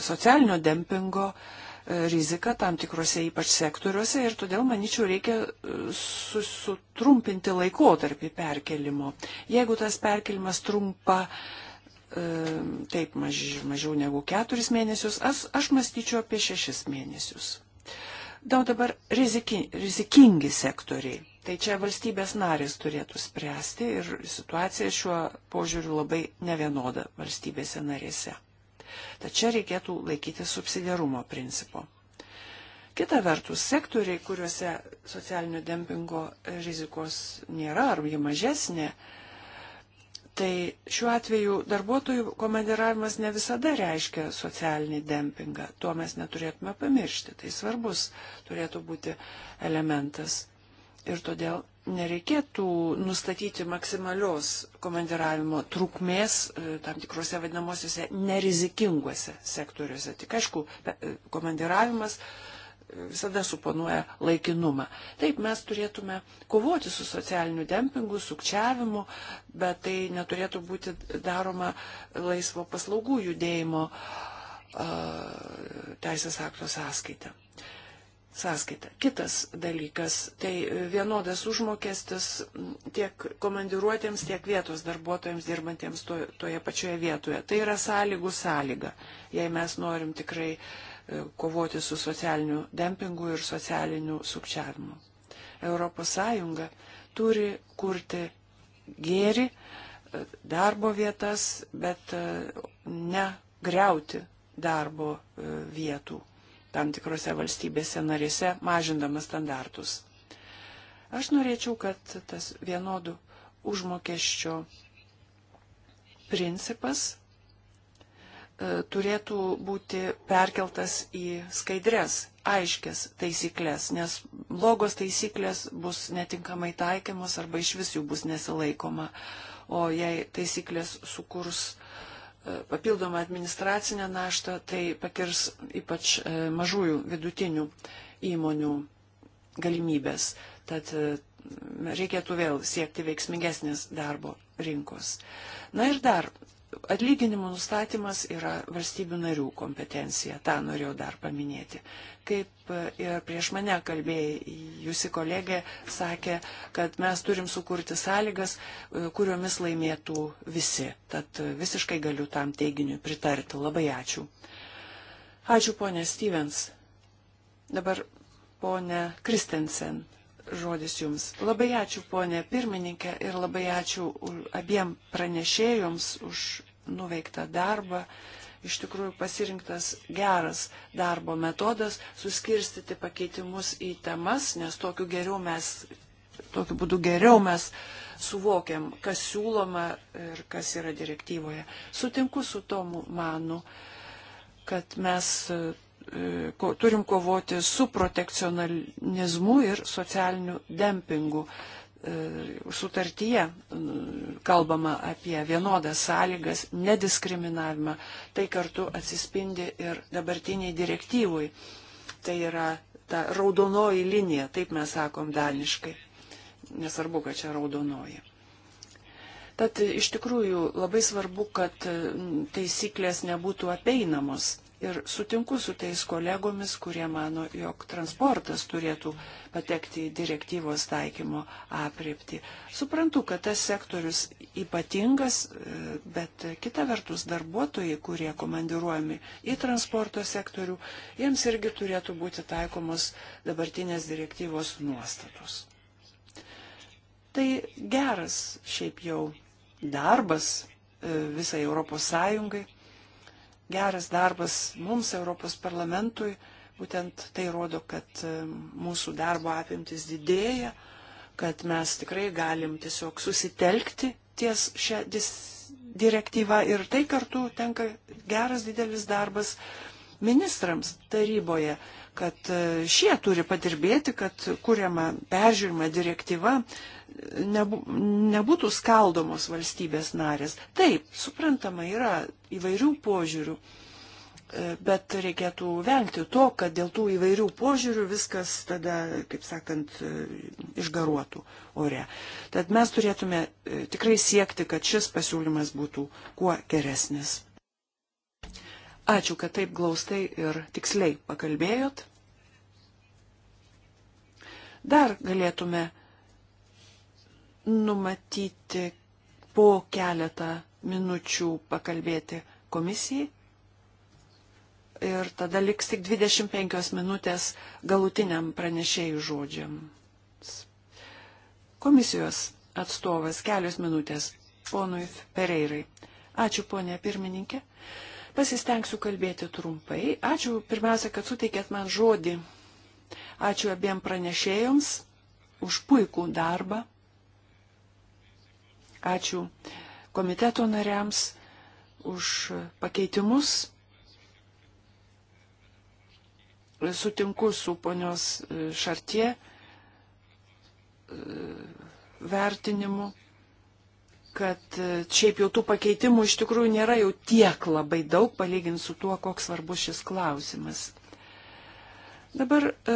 socialinio dempingo e, rizika tam tikrose ypač sektoriuose ir todėl, manyčiau, reikia e, sutrumpinti laikotarpį perkelimo. Jeigu tas perkelimas trumpa e, taip maž, mažiau negu keturis mėnesius, aš, aš mąstyčiau apie šešis mėnesius. Dau dabar riziki, rizikingi sektoriai. Tai čia valstybės narės turėtų spręsti ir situacija šiuo požiūriu labai nevienoda valstybėse narėse. Tačiau reikėtų laikyti subsidiarumo principo. Kita vertus, sektoriai, kuriuose socialinio dempingo rizikos nėra arba jį mažesnė, tai šiuo atveju darbuotojų komandiravimas ne visada reiškia socialinį dempingą. Tuo mes neturėtume pamiršti. Tai svarbus turėtų būti elementas. Ir todėl nereikėtų nustatyti maksimalios komandiravimo trukmės e, tam tikrose vadinamosiose nerizikinguose sektoriuose. Tik aišku, e, komandiravimas e, visada suponuoja laikinumą. Taip, mes turėtume kovoti su socialiniu dempingu, sukčiavimu, bet tai neturėtų būti daroma laisvo paslaugų judėjimo teisės akto sąskaita sąskaitą. Kitas dalykas - tai vienodas užmokestis tiek komandiruotėms, tiek vietos darbuotojams dirbantiems to, toje pačioje vietoje. Tai yra sąlygų sąlyga, jei mes norim tikrai e, kovoti su socialiniu dempingu ir socialiniu sukčiavimu. ES turi kurti gėri, e, darbo vietas, bet e, ne greuti darbo vietų tam tikrose valstybėse narėse, mažindamas standartus. Aš norėčiau, kad tas vienodų užmokesčio principas e, turėtų būti perkeltas į skaidrės, aiškės taisyklės, nes blogos taisyklės bus netinkamai taikiamos arba iš vis jų bus nesilaikoma. O jei taisyklės sukurs papildomą administracinę naštą, tai pakirs ypač e, mažųjų vidutinių įmonių galimybės. Tad e, reikėtų vėl siekti veiksmingesnės darbo rinkos. Na ir dar Atlyginimų nustatymas yra valstybių narių kompetencija, tą norėjau dar paminėti. Kaip e, ir prieš mane kalbėjai, jūsi kolegė sakė, kad mes turim sukurti sąlygas, e, kuriomis laimėtų visi. Tad e, visiškai galiu tam teiginiui pritarti. Labai ačiū. Ačiū ponė Stevens. Dabar ponė Kristensen žodis jums. Labai ačiū, ponė pirmininkė, ir labai ačiū abiem pranešėjams už nuveiktą darbą. Iš tikrųjų pasirinktas geras darbo metodas suskirstyti pakeitimus į temas, nes tokiu, geriau mes, tokiu būdu geriau mes suvokiam, kas siūloma ir kas yra direktyvoje. Sutinku su tomu manu, kad mes E, ko, turim kovoti su protekcionalizmu ir socialiniu dempingu. E, sutartyje e, kalbama apie vienodas sąlygas, nediskriminavimą. Tai kartu atsispindi ir dabartiniai direktyvui. Tai yra ta raudonoji linija, taip mes sakom daniškai. Nesvarbu, kad čia raudonoji. Tad iš tikrųjų labai svarbu, kad taisyklės nebūtų apeinamos Ir sutinku su tais kolegomis, kurie mano, jog transportas turėtų patekti į direktyvos taikymo apriepti. Suprantu, kad tas sektorius ypatingas, e, bet kita vertus darbuotojai, kurie komandiruojami į transporto sektorių, jiems irgi turėtų būti taikomos dabartinės direktyvos nuostatos. Tai geras šiaip jau darbas e, visai Europos Sąjungai geras darbas mums, Europos parlamentui, būtent tai rodo, kad e, mūsų darbo apimtis didėja, kad mes tikrai galim tiesiog susitelkti ties šią direktyvą ir tai kartu tenka geras didelis darbas ministrams taryboje, kad e, šie turi padirbėti, kad kuriama peržiūrima direktyva nebūtų skaldomos valstybės narės. Taip, suprantama, yra įvairių požiūrių, e, bet reikėtų vengti to, kad dėl tų įvairių požiūrių viskas tada, kaip sakant, e, išgaruotų ore. Tad mes turėtume tikrai siekti, kad šis pasiūlymas būtų kuo geresnis. Ačiū, kad taip glaustai ir tiksliai pakalbėjot. Dar galėtume numatyti po keletą minučių pakalbėti komisijai. Ir tada liks tik 25 minutės galutiniam pranešėjų žodžiams. Komisijos atstovas kelios minutės ponui Pereirai. Ačiū ponė pirmininkė. Pasistengsiu kalbėti trumpai. Ačiū pirmiausia, kad suteikėt man žodį. Ačiū abiem pranešėjoms už puikų darbą. Ačiū komiteto nariams už pakeitimus. Sutinku su ponios Šartie e, vertinimu kad e, šiaip jau tų pakeitimų iš tikrųjų nėra jau tiek labai daug, palygint su tuo, koks svarbus šis klausimas. Dabar e,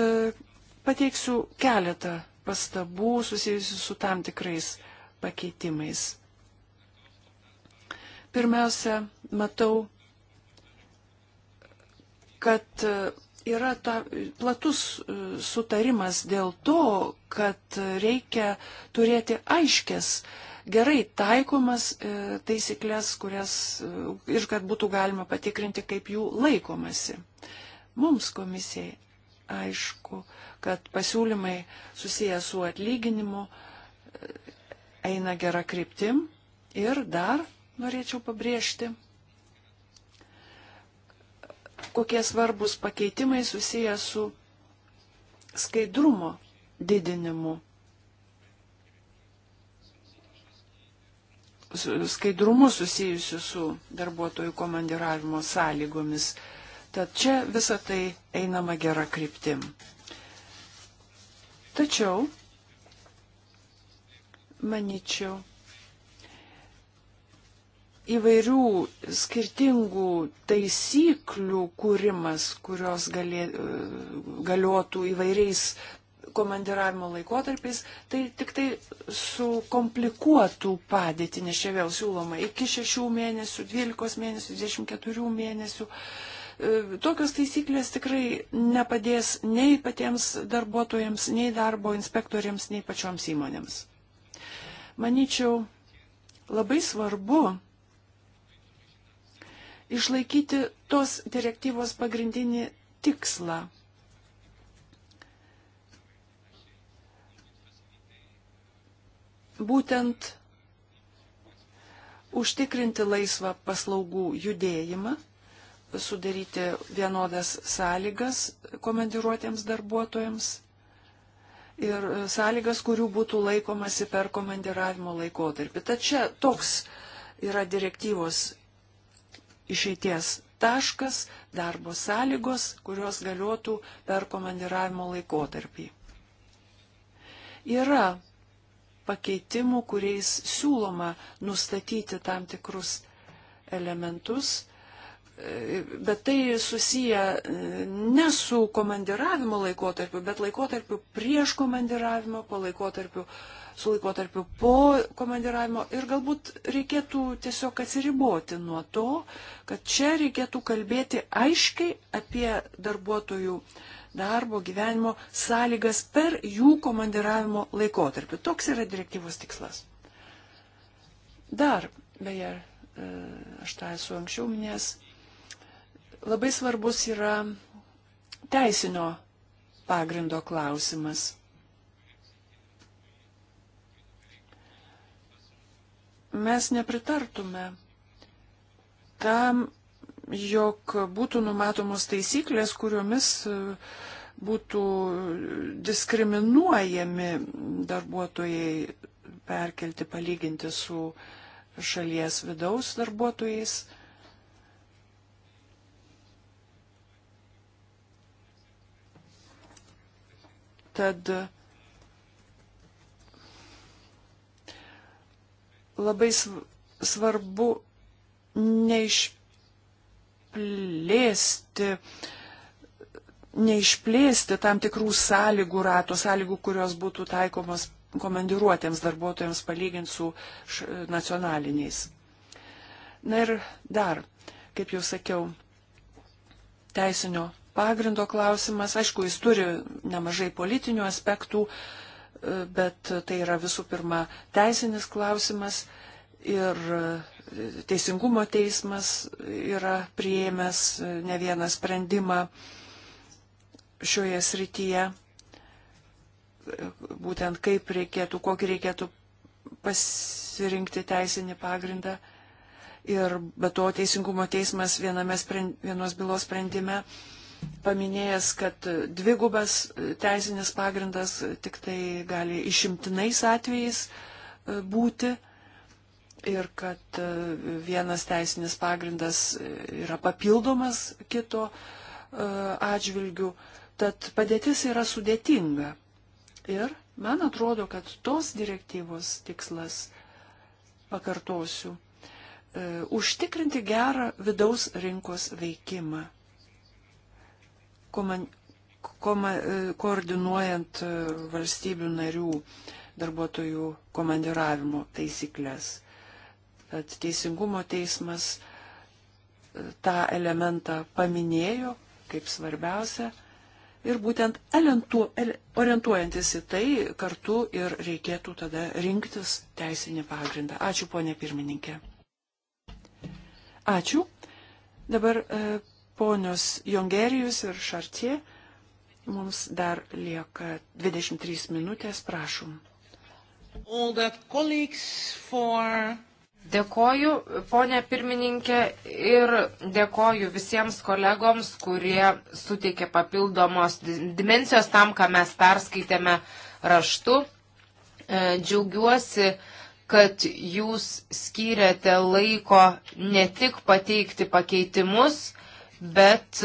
pateiksiu keletą pastabų susijusių su tam tikrais pakeitimais. Pirmiausia, matau, kad e, yra ta platus e, sutarimas dėl to, kad reikia turėti aiškės e, gerai taikomas e, taisyklės, kurias e, ir kad būtų galima patikrinti, kaip jų laikomasi. Mums komisijai aišku, kad pasiūlymai susijęs su atlyginimu e, eina gera kryptim ir dar norėčiau pabrėžti, kokie svarbus pakeitimai susijęs su skaidrumo didinimu. skaidrumu susijusiu su darbuotojų komandiravimo sąlygomis. Tad čia visa tai einama gera kryptim. Tačiau, manyčiau, įvairių skirtingų taisyklių kūrimas, kurios galė, galiotų įvairiais komandiravimo laikotarpiais, tai tik tai sukomplikuotų padėtį, nes čia vėl siūloma iki 6 mėnesių, 12 mėnesių, 24 mėnesių. E, tokios taisyklės tikrai nepadės nei patiems darbuotojams, nei darbo inspektoriams, nei pačioms įmonėms. Maničiau, labai svarbu išlaikyti tos direktyvos pagrindinį tikslą būtent užtikrinti laisvą paslaugų judėjimą, sudaryti vienodas sąlygas komandiruotėms darbuotojams ir sąlygas, kurių būtų laikomasi per komandiravimo laikotarpį. Tačiau toks yra direktyvos išeities taškas darbo sąlygos, kurios galiotų per komandiravimo laikotarpį. Yra pakeitimų, kuriais siūloma nustatyti tam tikrus elementus, bet tai susiję e, ne su komandiravimo laikotarpiu, bet laikotarpiu prieš komandiravimo, po laikotarpiu, su laikotarpiu po komandiravimo. Ir galbūt reikėtų tiesiog atsiriboti nuo to, kad čia reikėtų kalbėti aiškiai apie darbuotojų uh, darbo gyvenimo sąlygas per jų komandiravimo laikotarpį. Toks yra direktyvos tikslas. Dar, beje, e, aš tą esu anksčiau minėjęs, labai svarbus yra teisinio pagrindo klausimas. Mes nepritartume tam, jog būtų numatomos taisyklės, kuriomis e, būtų diskriminuojami darbuotojai perkelti palyginti su šalies vidaus darbuotojais. Tad labai svarbu neišpildyti plėsti, neišplėsti tam tikrų sąlygų rato, sąlygų, kurios būtų taikomas komandiruotėms darbuotojams palyginti su nacionaliniais. Na ir dar, kaip jau sakiau, teisinio pagrindo klausimas. Aišku, jis turi nemažai politinių aspektų, bet tai yra visų pirma teisinis klausimas ir e, Teisingumo teismas yra prieėmęs e, ne vieną sprendimą šioje srityje, e, būtent kaip reikėtų, kokį reikėtų pasirinkti teisinį pagrindą. Ir be to Teisingumo teismas viename sprend, vienos bylos sprendime paminėjęs, kad dvigubas teisinis pagrindas tik tai gali išimtinais atvejais būti ir kad e, vienas teisinis pagrindas yra papildomas kito e, atžvilgių. Tad padėtis yra sudėtinga. Ir man atrodo, kad tos direktyvos tikslas, pakartosiu, e, užtikrinti gerą vidaus rinkos veikimą, koma, koma, koordinuojant valstybių narių darbuotojų komandiravimo taisyklės kad Teisingumo teismas e, tą elementą paminėjo kaip svarbiausia. Ir būtent orientuojantis į tai, kartu ir reikėtų tada rinktis teisinį pagrindą. Ačiū, ponė pirmininkė. Ačiū. Dabar e, ponios Jongerijus ir Šartie. Mums dar lieka 23 minutės, prašom. All the colleagues for Dėkoju, ponė pirmininkė, ir dėkoju visiems kolegoms, kurie suteikė papildomos dimensijos tam, ką mes perskaitėme raštu. E, džiaugiuosi, kad jūs skyrėte laiko ne tik pateikti pakeitimus, bet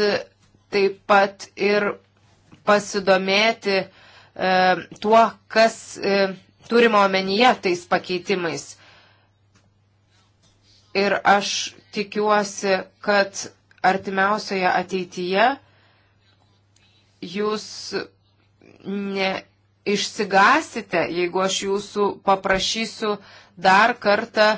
taip pat ir pasidomėti e, tuo, kas e, turima omenyje tais pakeitimais ir aš tikiuosi, kad artimiausioje ateityje jūs neišsigasite, jeigu aš jūsų paprašysiu dar kartą e,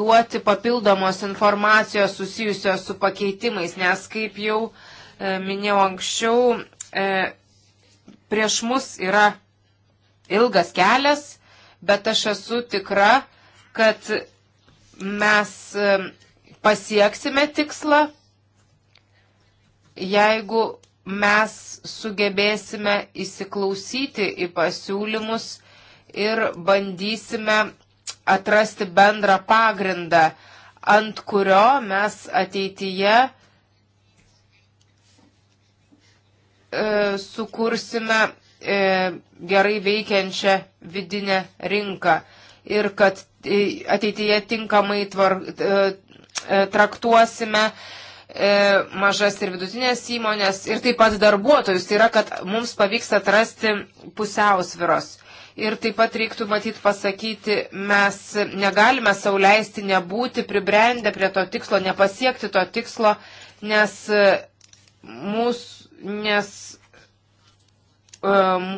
duoti papildomos informacijos susijusios su pakeitimais, nes kaip jau e, minėjau anksčiau, e, prieš mus yra ilgas kelias, bet aš esu tikra, kad mes e, pasieksime tikslą, jeigu mes sugebėsime įsiklausyti į pasiūlymus ir bandysime atrasti bendrą pagrindą, ant kurio mes ateityje e, sukursime e, gerai veikiančią vidinę rinką ir kad ateityje tinkamai tvar, e, traktuosime e, mažas ir vidutinės įmonės ir taip pat darbuotojus. Tai yra, kad mums pavyks atrasti pusiausviros. Ir taip pat reiktų matyti pasakyti, mes negalime sauliaisti nebūti pribrendę prie to tikslo, nepasiekti to tikslo, nes e, mūsų, nes, um,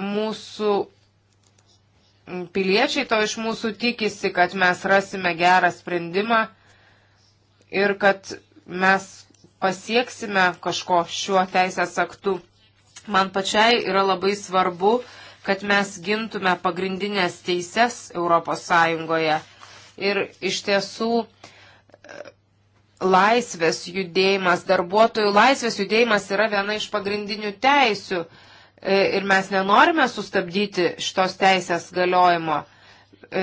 mūsų Piliečiai to iš mūsų tikisi, kad mes rasime gerą sprendimą ir kad mes pasieksime kažko šiuo teisės aktu. Man pačiai yra labai svarbu, kad mes gintume pagrindinės teises Europos Sąjungoje. Ir iš tiesų laisvės judėjimas, darbuotojų laisvės judėjimas yra viena iš pagrindinių teisių. E, ir mes nenorime sustabdyti šitos teisės galiojimo, e,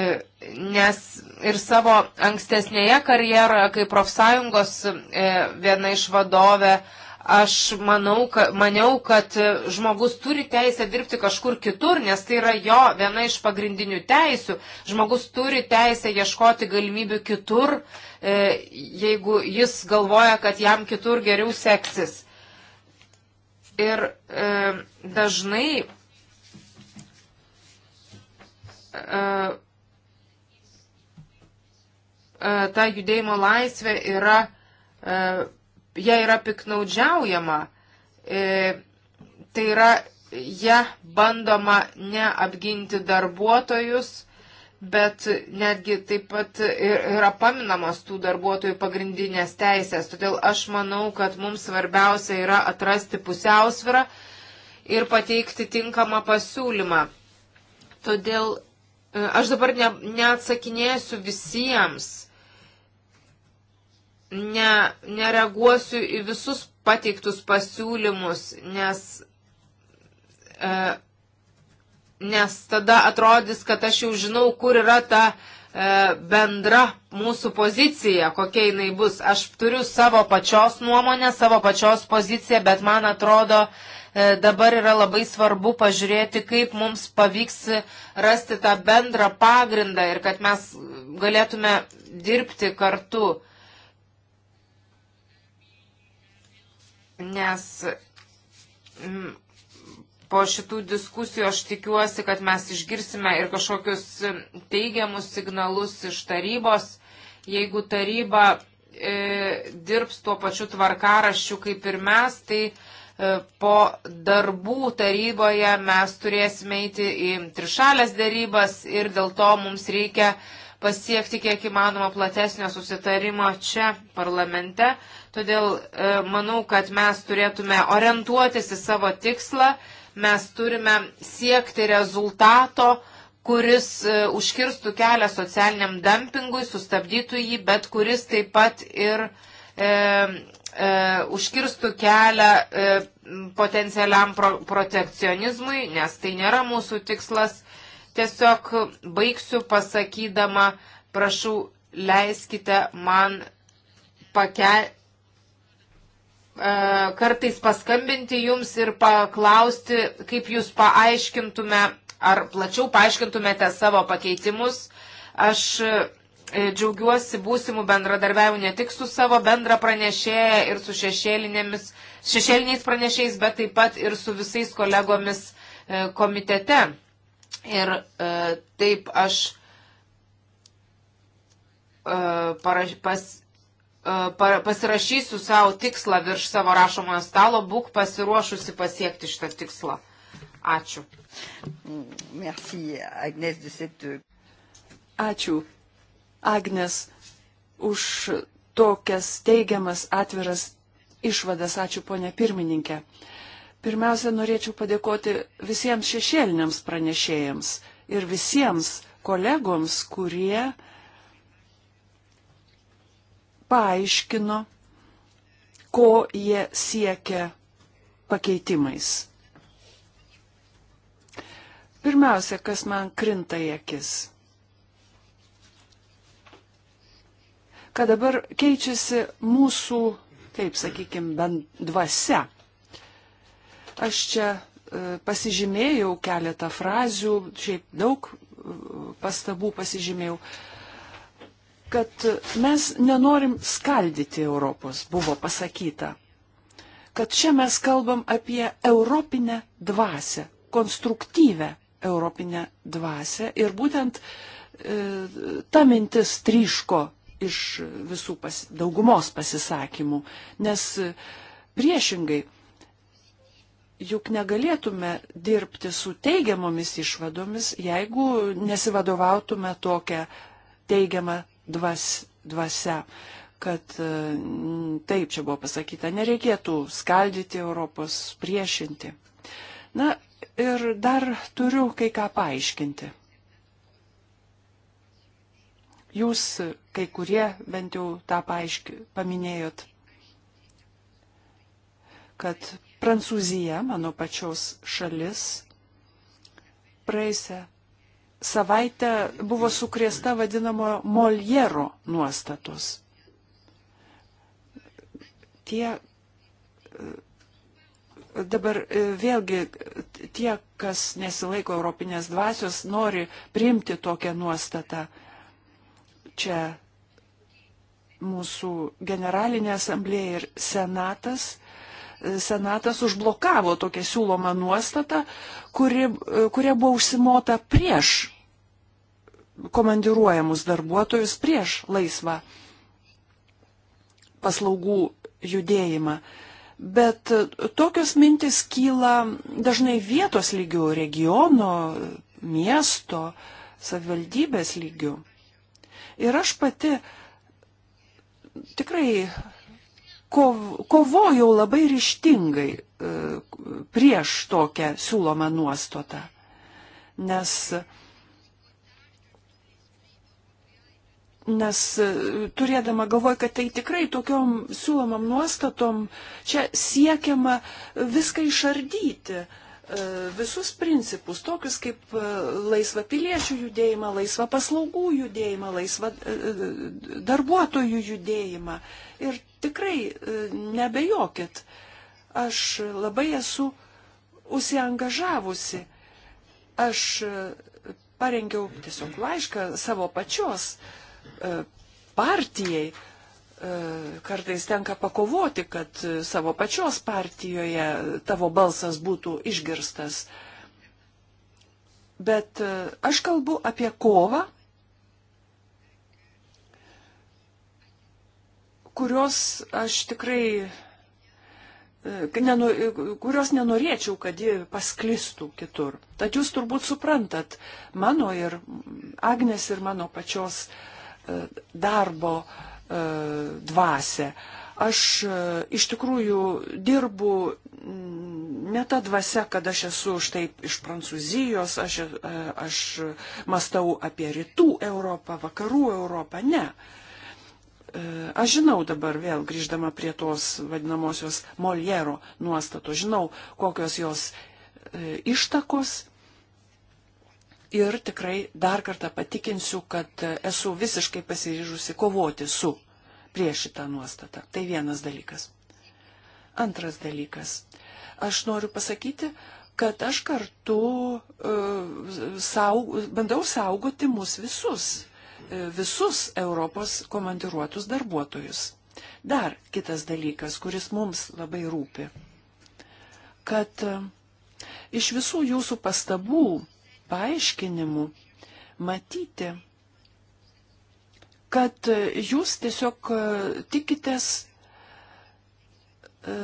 nes ir savo ankstesnėje karjeroje, kai profsąjungos e, viena iš vadovė, aš manau, ka, maniau, kad žmogus turi teisę dirbti kažkur kitur, nes tai yra jo viena iš pagrindinių teisių. Žmogus turi teisę ieškoti galimybių kitur, jeigu jis galvoja, kad jam kitur geriau seksis. Ir e, dažnai e, e, ta judėjimo laisvė yra, e, ją yra piknaudžiaujama. E, tai yra, ją bandoma neapginti darbuotojus, bet netgi taip pat yra paminamos tų darbuotojų pagrindinės teisės. Todėl aš manau, kad mums svarbiausia yra atrasti pusiausvirą ir pateikti tinkamą pasiūlymą. Todėl e, aš dabar ne, neatsakinėsiu visiems, ne, nereaguosiu į visus pateiktus pasiūlymus, nes. E, nes tada atrodys, kad aš jau žinau, kur yra ta e, bendra mūsų pozicija, kokia jinai bus. Aš turiu savo pačios nuomonę, savo pačios poziciją, bet man atrodo, e, dabar yra labai svarbu pažiūrėti, kaip mums pavyks rasti tą bendrą pagrindą ir kad mes galėtume dirbti kartu. Nes po šitų diskusijų aš tikiuosi, kad mes išgirsime ir kažkokius teigiamus signalus iš tarybos. Jeigu taryba e, dirbs tuo pačiu tvarkaraščiu kaip ir mes, tai e, po darbų taryboje mes turėsime eiti į trišalės dėrybas ir dėl to mums reikia e, pasiekti kiek įmanoma platesnio susitarimo čia parlamente. Todėl e, manau, kad mes turėtume orientuotis į savo tikslą, mes turime siekti rezultato, kuris e, užkirstų kelią socialiniam dumpingui, sustabdytų jį, bet kuris taip pat ir e, e, užkirstų kelią e, potencialiam pro, protekcionizmui, nes tai nėra mūsų tikslas tiesiog baigsiu pasakydama, prašau, leiskite man pakelti e, kartais paskambinti jums ir paklausti, kaip jūs paaiškintume ar plačiau paaiškintumėte savo pakeitimus. Aš e, džiaugiuosi būsimų bendradarbiavimų ne tik su savo bendra pranešėja ir su šešėliniais pranešėjais, bet taip pat ir su visais kolegomis e, komitete. Ir e, taip aš e, paraš, pas, e, par, pasirašysiu savo tikslą virš savo rašomojo stalo, būk pasiruošusi pasiekti šitą tikslą. Ačiū. Merci, Agnes, de cette... Ačiū, Agnes, už tokias teigiamas atviras išvadas. Ačiū, ponė pirmininkė. Pirmiausia, norėčiau padėkoti visiems šešėliniams pranešėjams ir visiems kolegoms, kurie paaiškino, ko jie siekia pakeitimais. Pirmiausia, kas man krinta į akis, kad dabar keičiasi mūsų, taip sakykime, bent dvasia Aš čia e, pasižymėjau keletą frazių, šiaip daug e, pastabų pasižymėjau, kad mes nenorim skaldyti Europos, buvo pasakyta, kad čia mes kalbam apie europinę dvasę, konstruktyvę europinę dvasę ir būtent e, ta mintis tryško iš visų pas, daugumos pasisakymų, nes e, priešingai juk negalėtume dirbti su teigiamomis išvadomis, jeigu nesivadovautume tokią teigiamą dvas, dvasę kad e, taip čia buvo pasakyta, nereikėtų skaldyti Europos, priešinti. Na ir dar turiu kai ką paaiškinti. Jūs kai kurie bent jau tą paaiški, paminėjot, kad Prancūzija, mano pačios šalis, praeisę savaitę buvo sukrėsta vadinamo Moliero nuostatos. Tie dabar e, vėlgi tie, kas nesilaiko europinės dvasios, nori priimti tokią nuostatą. Čia mūsų generalinė asamblėja ir senatas Senatas užblokavo tokią siūlomą nuostatą, kuri, kuria buvo užsimota prieš komandiruojamus darbuotojus, prieš laisvą paslaugų judėjimą. Bet tokios mintis kyla dažnai vietos lygių, regiono, miesto, savivaldybės lygių. Ir aš pati tikrai kovojau labai ryštingai e, prieš tokią siūlomą nuostatą, nes nes e, turėdama galvoj, kad tai tikrai tokiom siūlomam nuostatom čia siekiama viską išardyti. E, visus principus, tokius kaip e, laisvą piliečių judėjimą, laisvą paslaugų judėjimą, laisvą e, darbuotojų judėjimą. Ir tikrai nebejokit, aš labai esu užsiangažavusi. Aš parengiau tiesiog laišką savo pačios partijai, E, kartais tenka pakovoti, kad savo pačios partijoje tavo balsas būtų išgirstas. Bet e, aš kalbu apie kovą, kurios aš tikrai e, nenu, kurios nenorėčiau, kad ji pasklistų kitur. Tad jūs turbūt suprantat mano ir Agnes ir mano pačios darbo uh, E, dvasę. Aš e, iš tikrųjų dirbu mm, ne tą dvasę, kad aš esu štai iš Prancūzijos, aš, e, aš mastau apie rytų Europą, vakarų Europą, ne. Aš žinau dabar vėl grįždama prie tos vadinamosios Moliero nuostatos, žinau, kokios jos ištakos ir tikrai dar kartą patikinsiu, kad esu visiškai pasiryžusi kovoti su prieš šitą nuostatą. Tai vienas dalykas. Antras dalykas. Aš noriu pasakyti, kad aš kartu uh, e, saug, bandau saugoti mus visus, e, visus Europos komandiruotus darbuotojus. Dar kitas dalykas, kuris mums labai rūpi, kad uh, iš visų jūsų pastabų paaiškinimų matyti, kad jūs tiesiog e, tikitės, e,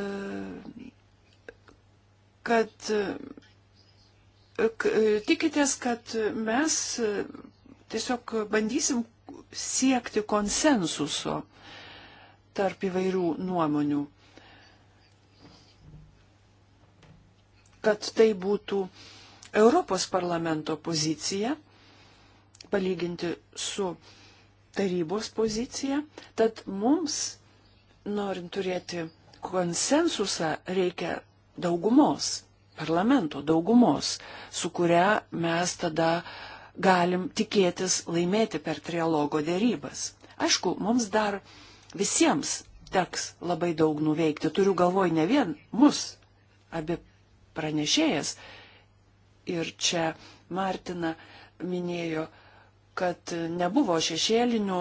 kad e, tikitės, kad mes tiesiog bandysim siekti konsensuso tarp įvairių nuomonių. Kad tai būtų uh, Europos parlamento poziciją, palyginti su tarybos pozicija, tad mums, norint turėti konsensusą, reikia daugumos, parlamento daugumos, su kuria mes tada galim tikėtis laimėti per trialogo dėrybas. Aišku, mums dar visiems teks labai daug nuveikti. Turiu galvoj ne vien mus, abi pranešėjas, ir čia Martina minėjo, kad nebuvo šešėlinių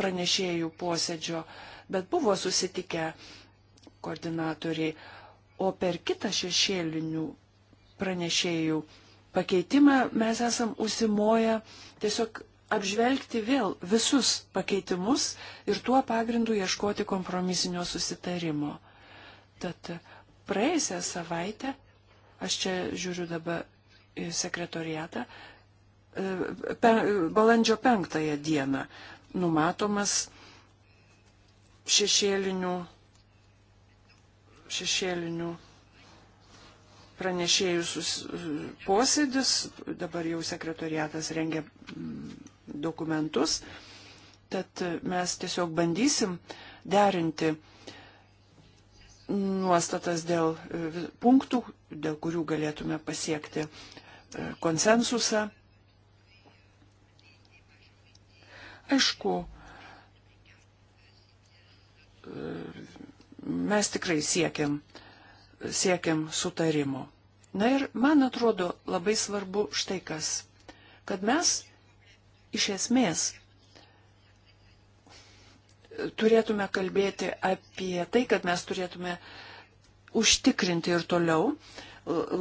pranešėjų posėdžio, bet buvo susitikę koordinatoriai, o per kitą šešėlinių pranešėjų pakeitimą mes esam užsimoję tiesiog apžvelgti vėl visus pakeitimus ir tuo pagrindu ieškoti kompromisinio susitarimo. Tad praėjusią savaitę Aš čia žiūriu dabar į sekretoriatą. E, per, balandžio penktąją dieną numatomas šešėlinių, šešėlinių pranešėjų sus, posėdis, dabar jau sekretoriatas rengia mm, dokumentus, tad mes tiesiog bandysim derinti uh, nuostatas dėl e, punktų, dėl kurių galėtume pasiekti e, konsensusą. Aišku, e, mes tikrai siekiam, siekiam sutarimo. Na ir man atrodo labai svarbu štai kas, kad mes iš esmės turėtume kalbėti apie tai, kad mes turėtume užtikrinti ir toliau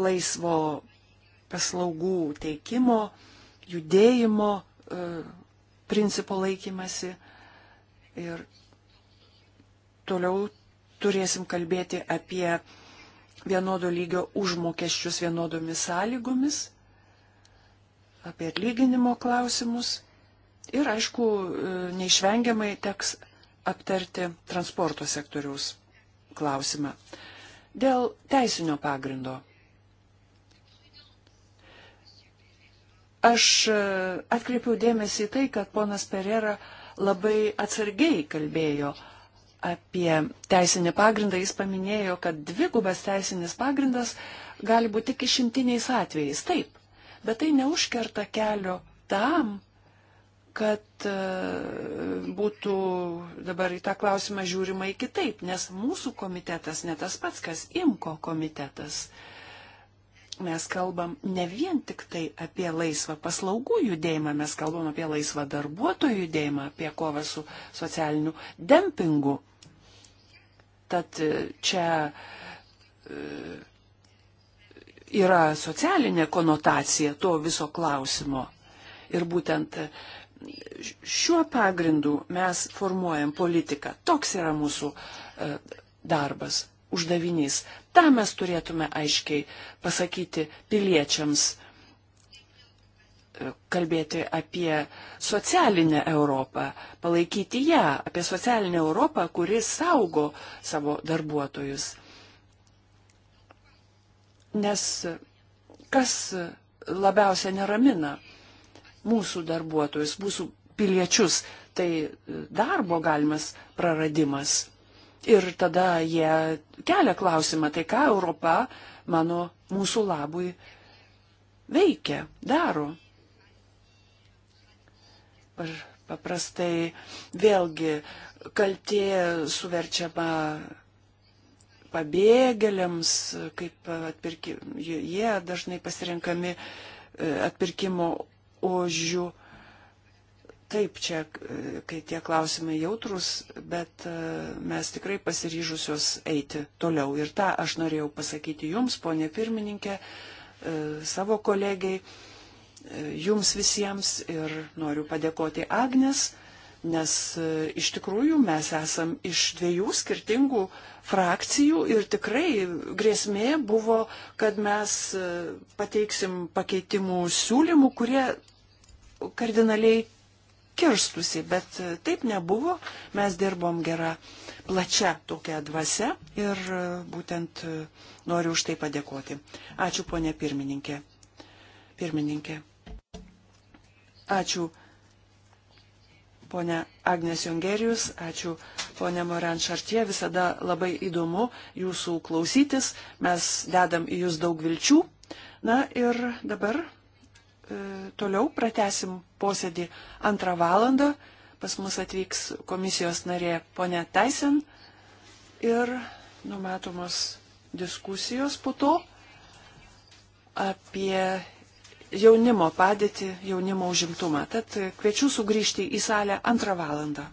laisvo paslaugų teikimo, judėjimo e, principo laikymasi ir toliau turėsim kalbėti apie vienodo lygio užmokesčius vienodomis sąlygomis, apie atlyginimo klausimus ir, aišku, e, neišvengiamai teks aptarti transporto sektoriaus klausimą. Dėl teisinio pagrindo. Aš e, atkreipiau dėmesį į tai, kad ponas Perera labai atsargiai kalbėjo apie teisinį pagrindą. Jis paminėjo, kad dvigubas teisinis pagrindas gali būti tik išimtiniais atvejais. Taip, bet tai neužkerta kelio tam, kad e, būtų dabar į tą klausimą žiūrima į kitaip, nes mūsų komitetas ne tas pats, kas imko komitetas. Mes kalbam ne vien tik tai apie laisvą paslaugų judėjimą, mes kalbam apie laisvą darbuotojų judėjimą, apie kovą su socialiniu dempingu. Tad e, čia e, yra socialinė konotacija to viso klausimo. Ir būtent uh, šiuo pagrindu mes formuojam politiką. Toks yra mūsų e, darbas, uždavinys. Ta mes turėtume aiškiai pasakyti piliečiams, e, kalbėti apie socialinę Europą, palaikyti ją, apie socialinę Europą, kuri saugo savo darbuotojus. Nes kas labiausia neramina? mūsų darbuotojus, mūsų piliečius. Tai darbo galimas praradimas. Ir tada jie kelia klausimą, tai ką Europa mano mūsų labui veikia, daro. Ar paprastai vėlgi kaltė suverčiama pabėgėliams, kaip atpirki, jie dažnai pasirenkami e, atpirkimo ožių. Taip, čia, e, kai tie klausimai jautrus, bet e, mes tikrai pasiryžusios eiti toliau. Ir tą aš norėjau pasakyti jums, ponė pirmininkė, e, savo kolegiai, jums visiems ir noriu padėkoti Agnes nes e, iš tikrųjų mes esam iš dviejų skirtingų frakcijų ir tikrai grėsmė buvo, kad mes e, pateiksim pakeitimų siūlymų, kurie kardinaliai kirstusi, bet e, taip nebuvo, mes dirbom gerą plačią tokią dvasę ir būtent noriu už tai padėkoti. Ačiū ponė pirmininkė. Pirmininkė. Ačiū ponė Agnes Jungerius, ačiū ponė Moran Šartie, visada labai įdomu jūsų klausytis, mes dedam į jūs daug vilčių. Na ir dabar e, toliau pratesim posėdį antrą valandą, pas mus atvyks komisijos narė ponė Taisen ir numatomos diskusijos po to apie jaunimo padėtį, jaunimo užimtumą. Tad kviečiu sugrįžti į salę antrą valandą.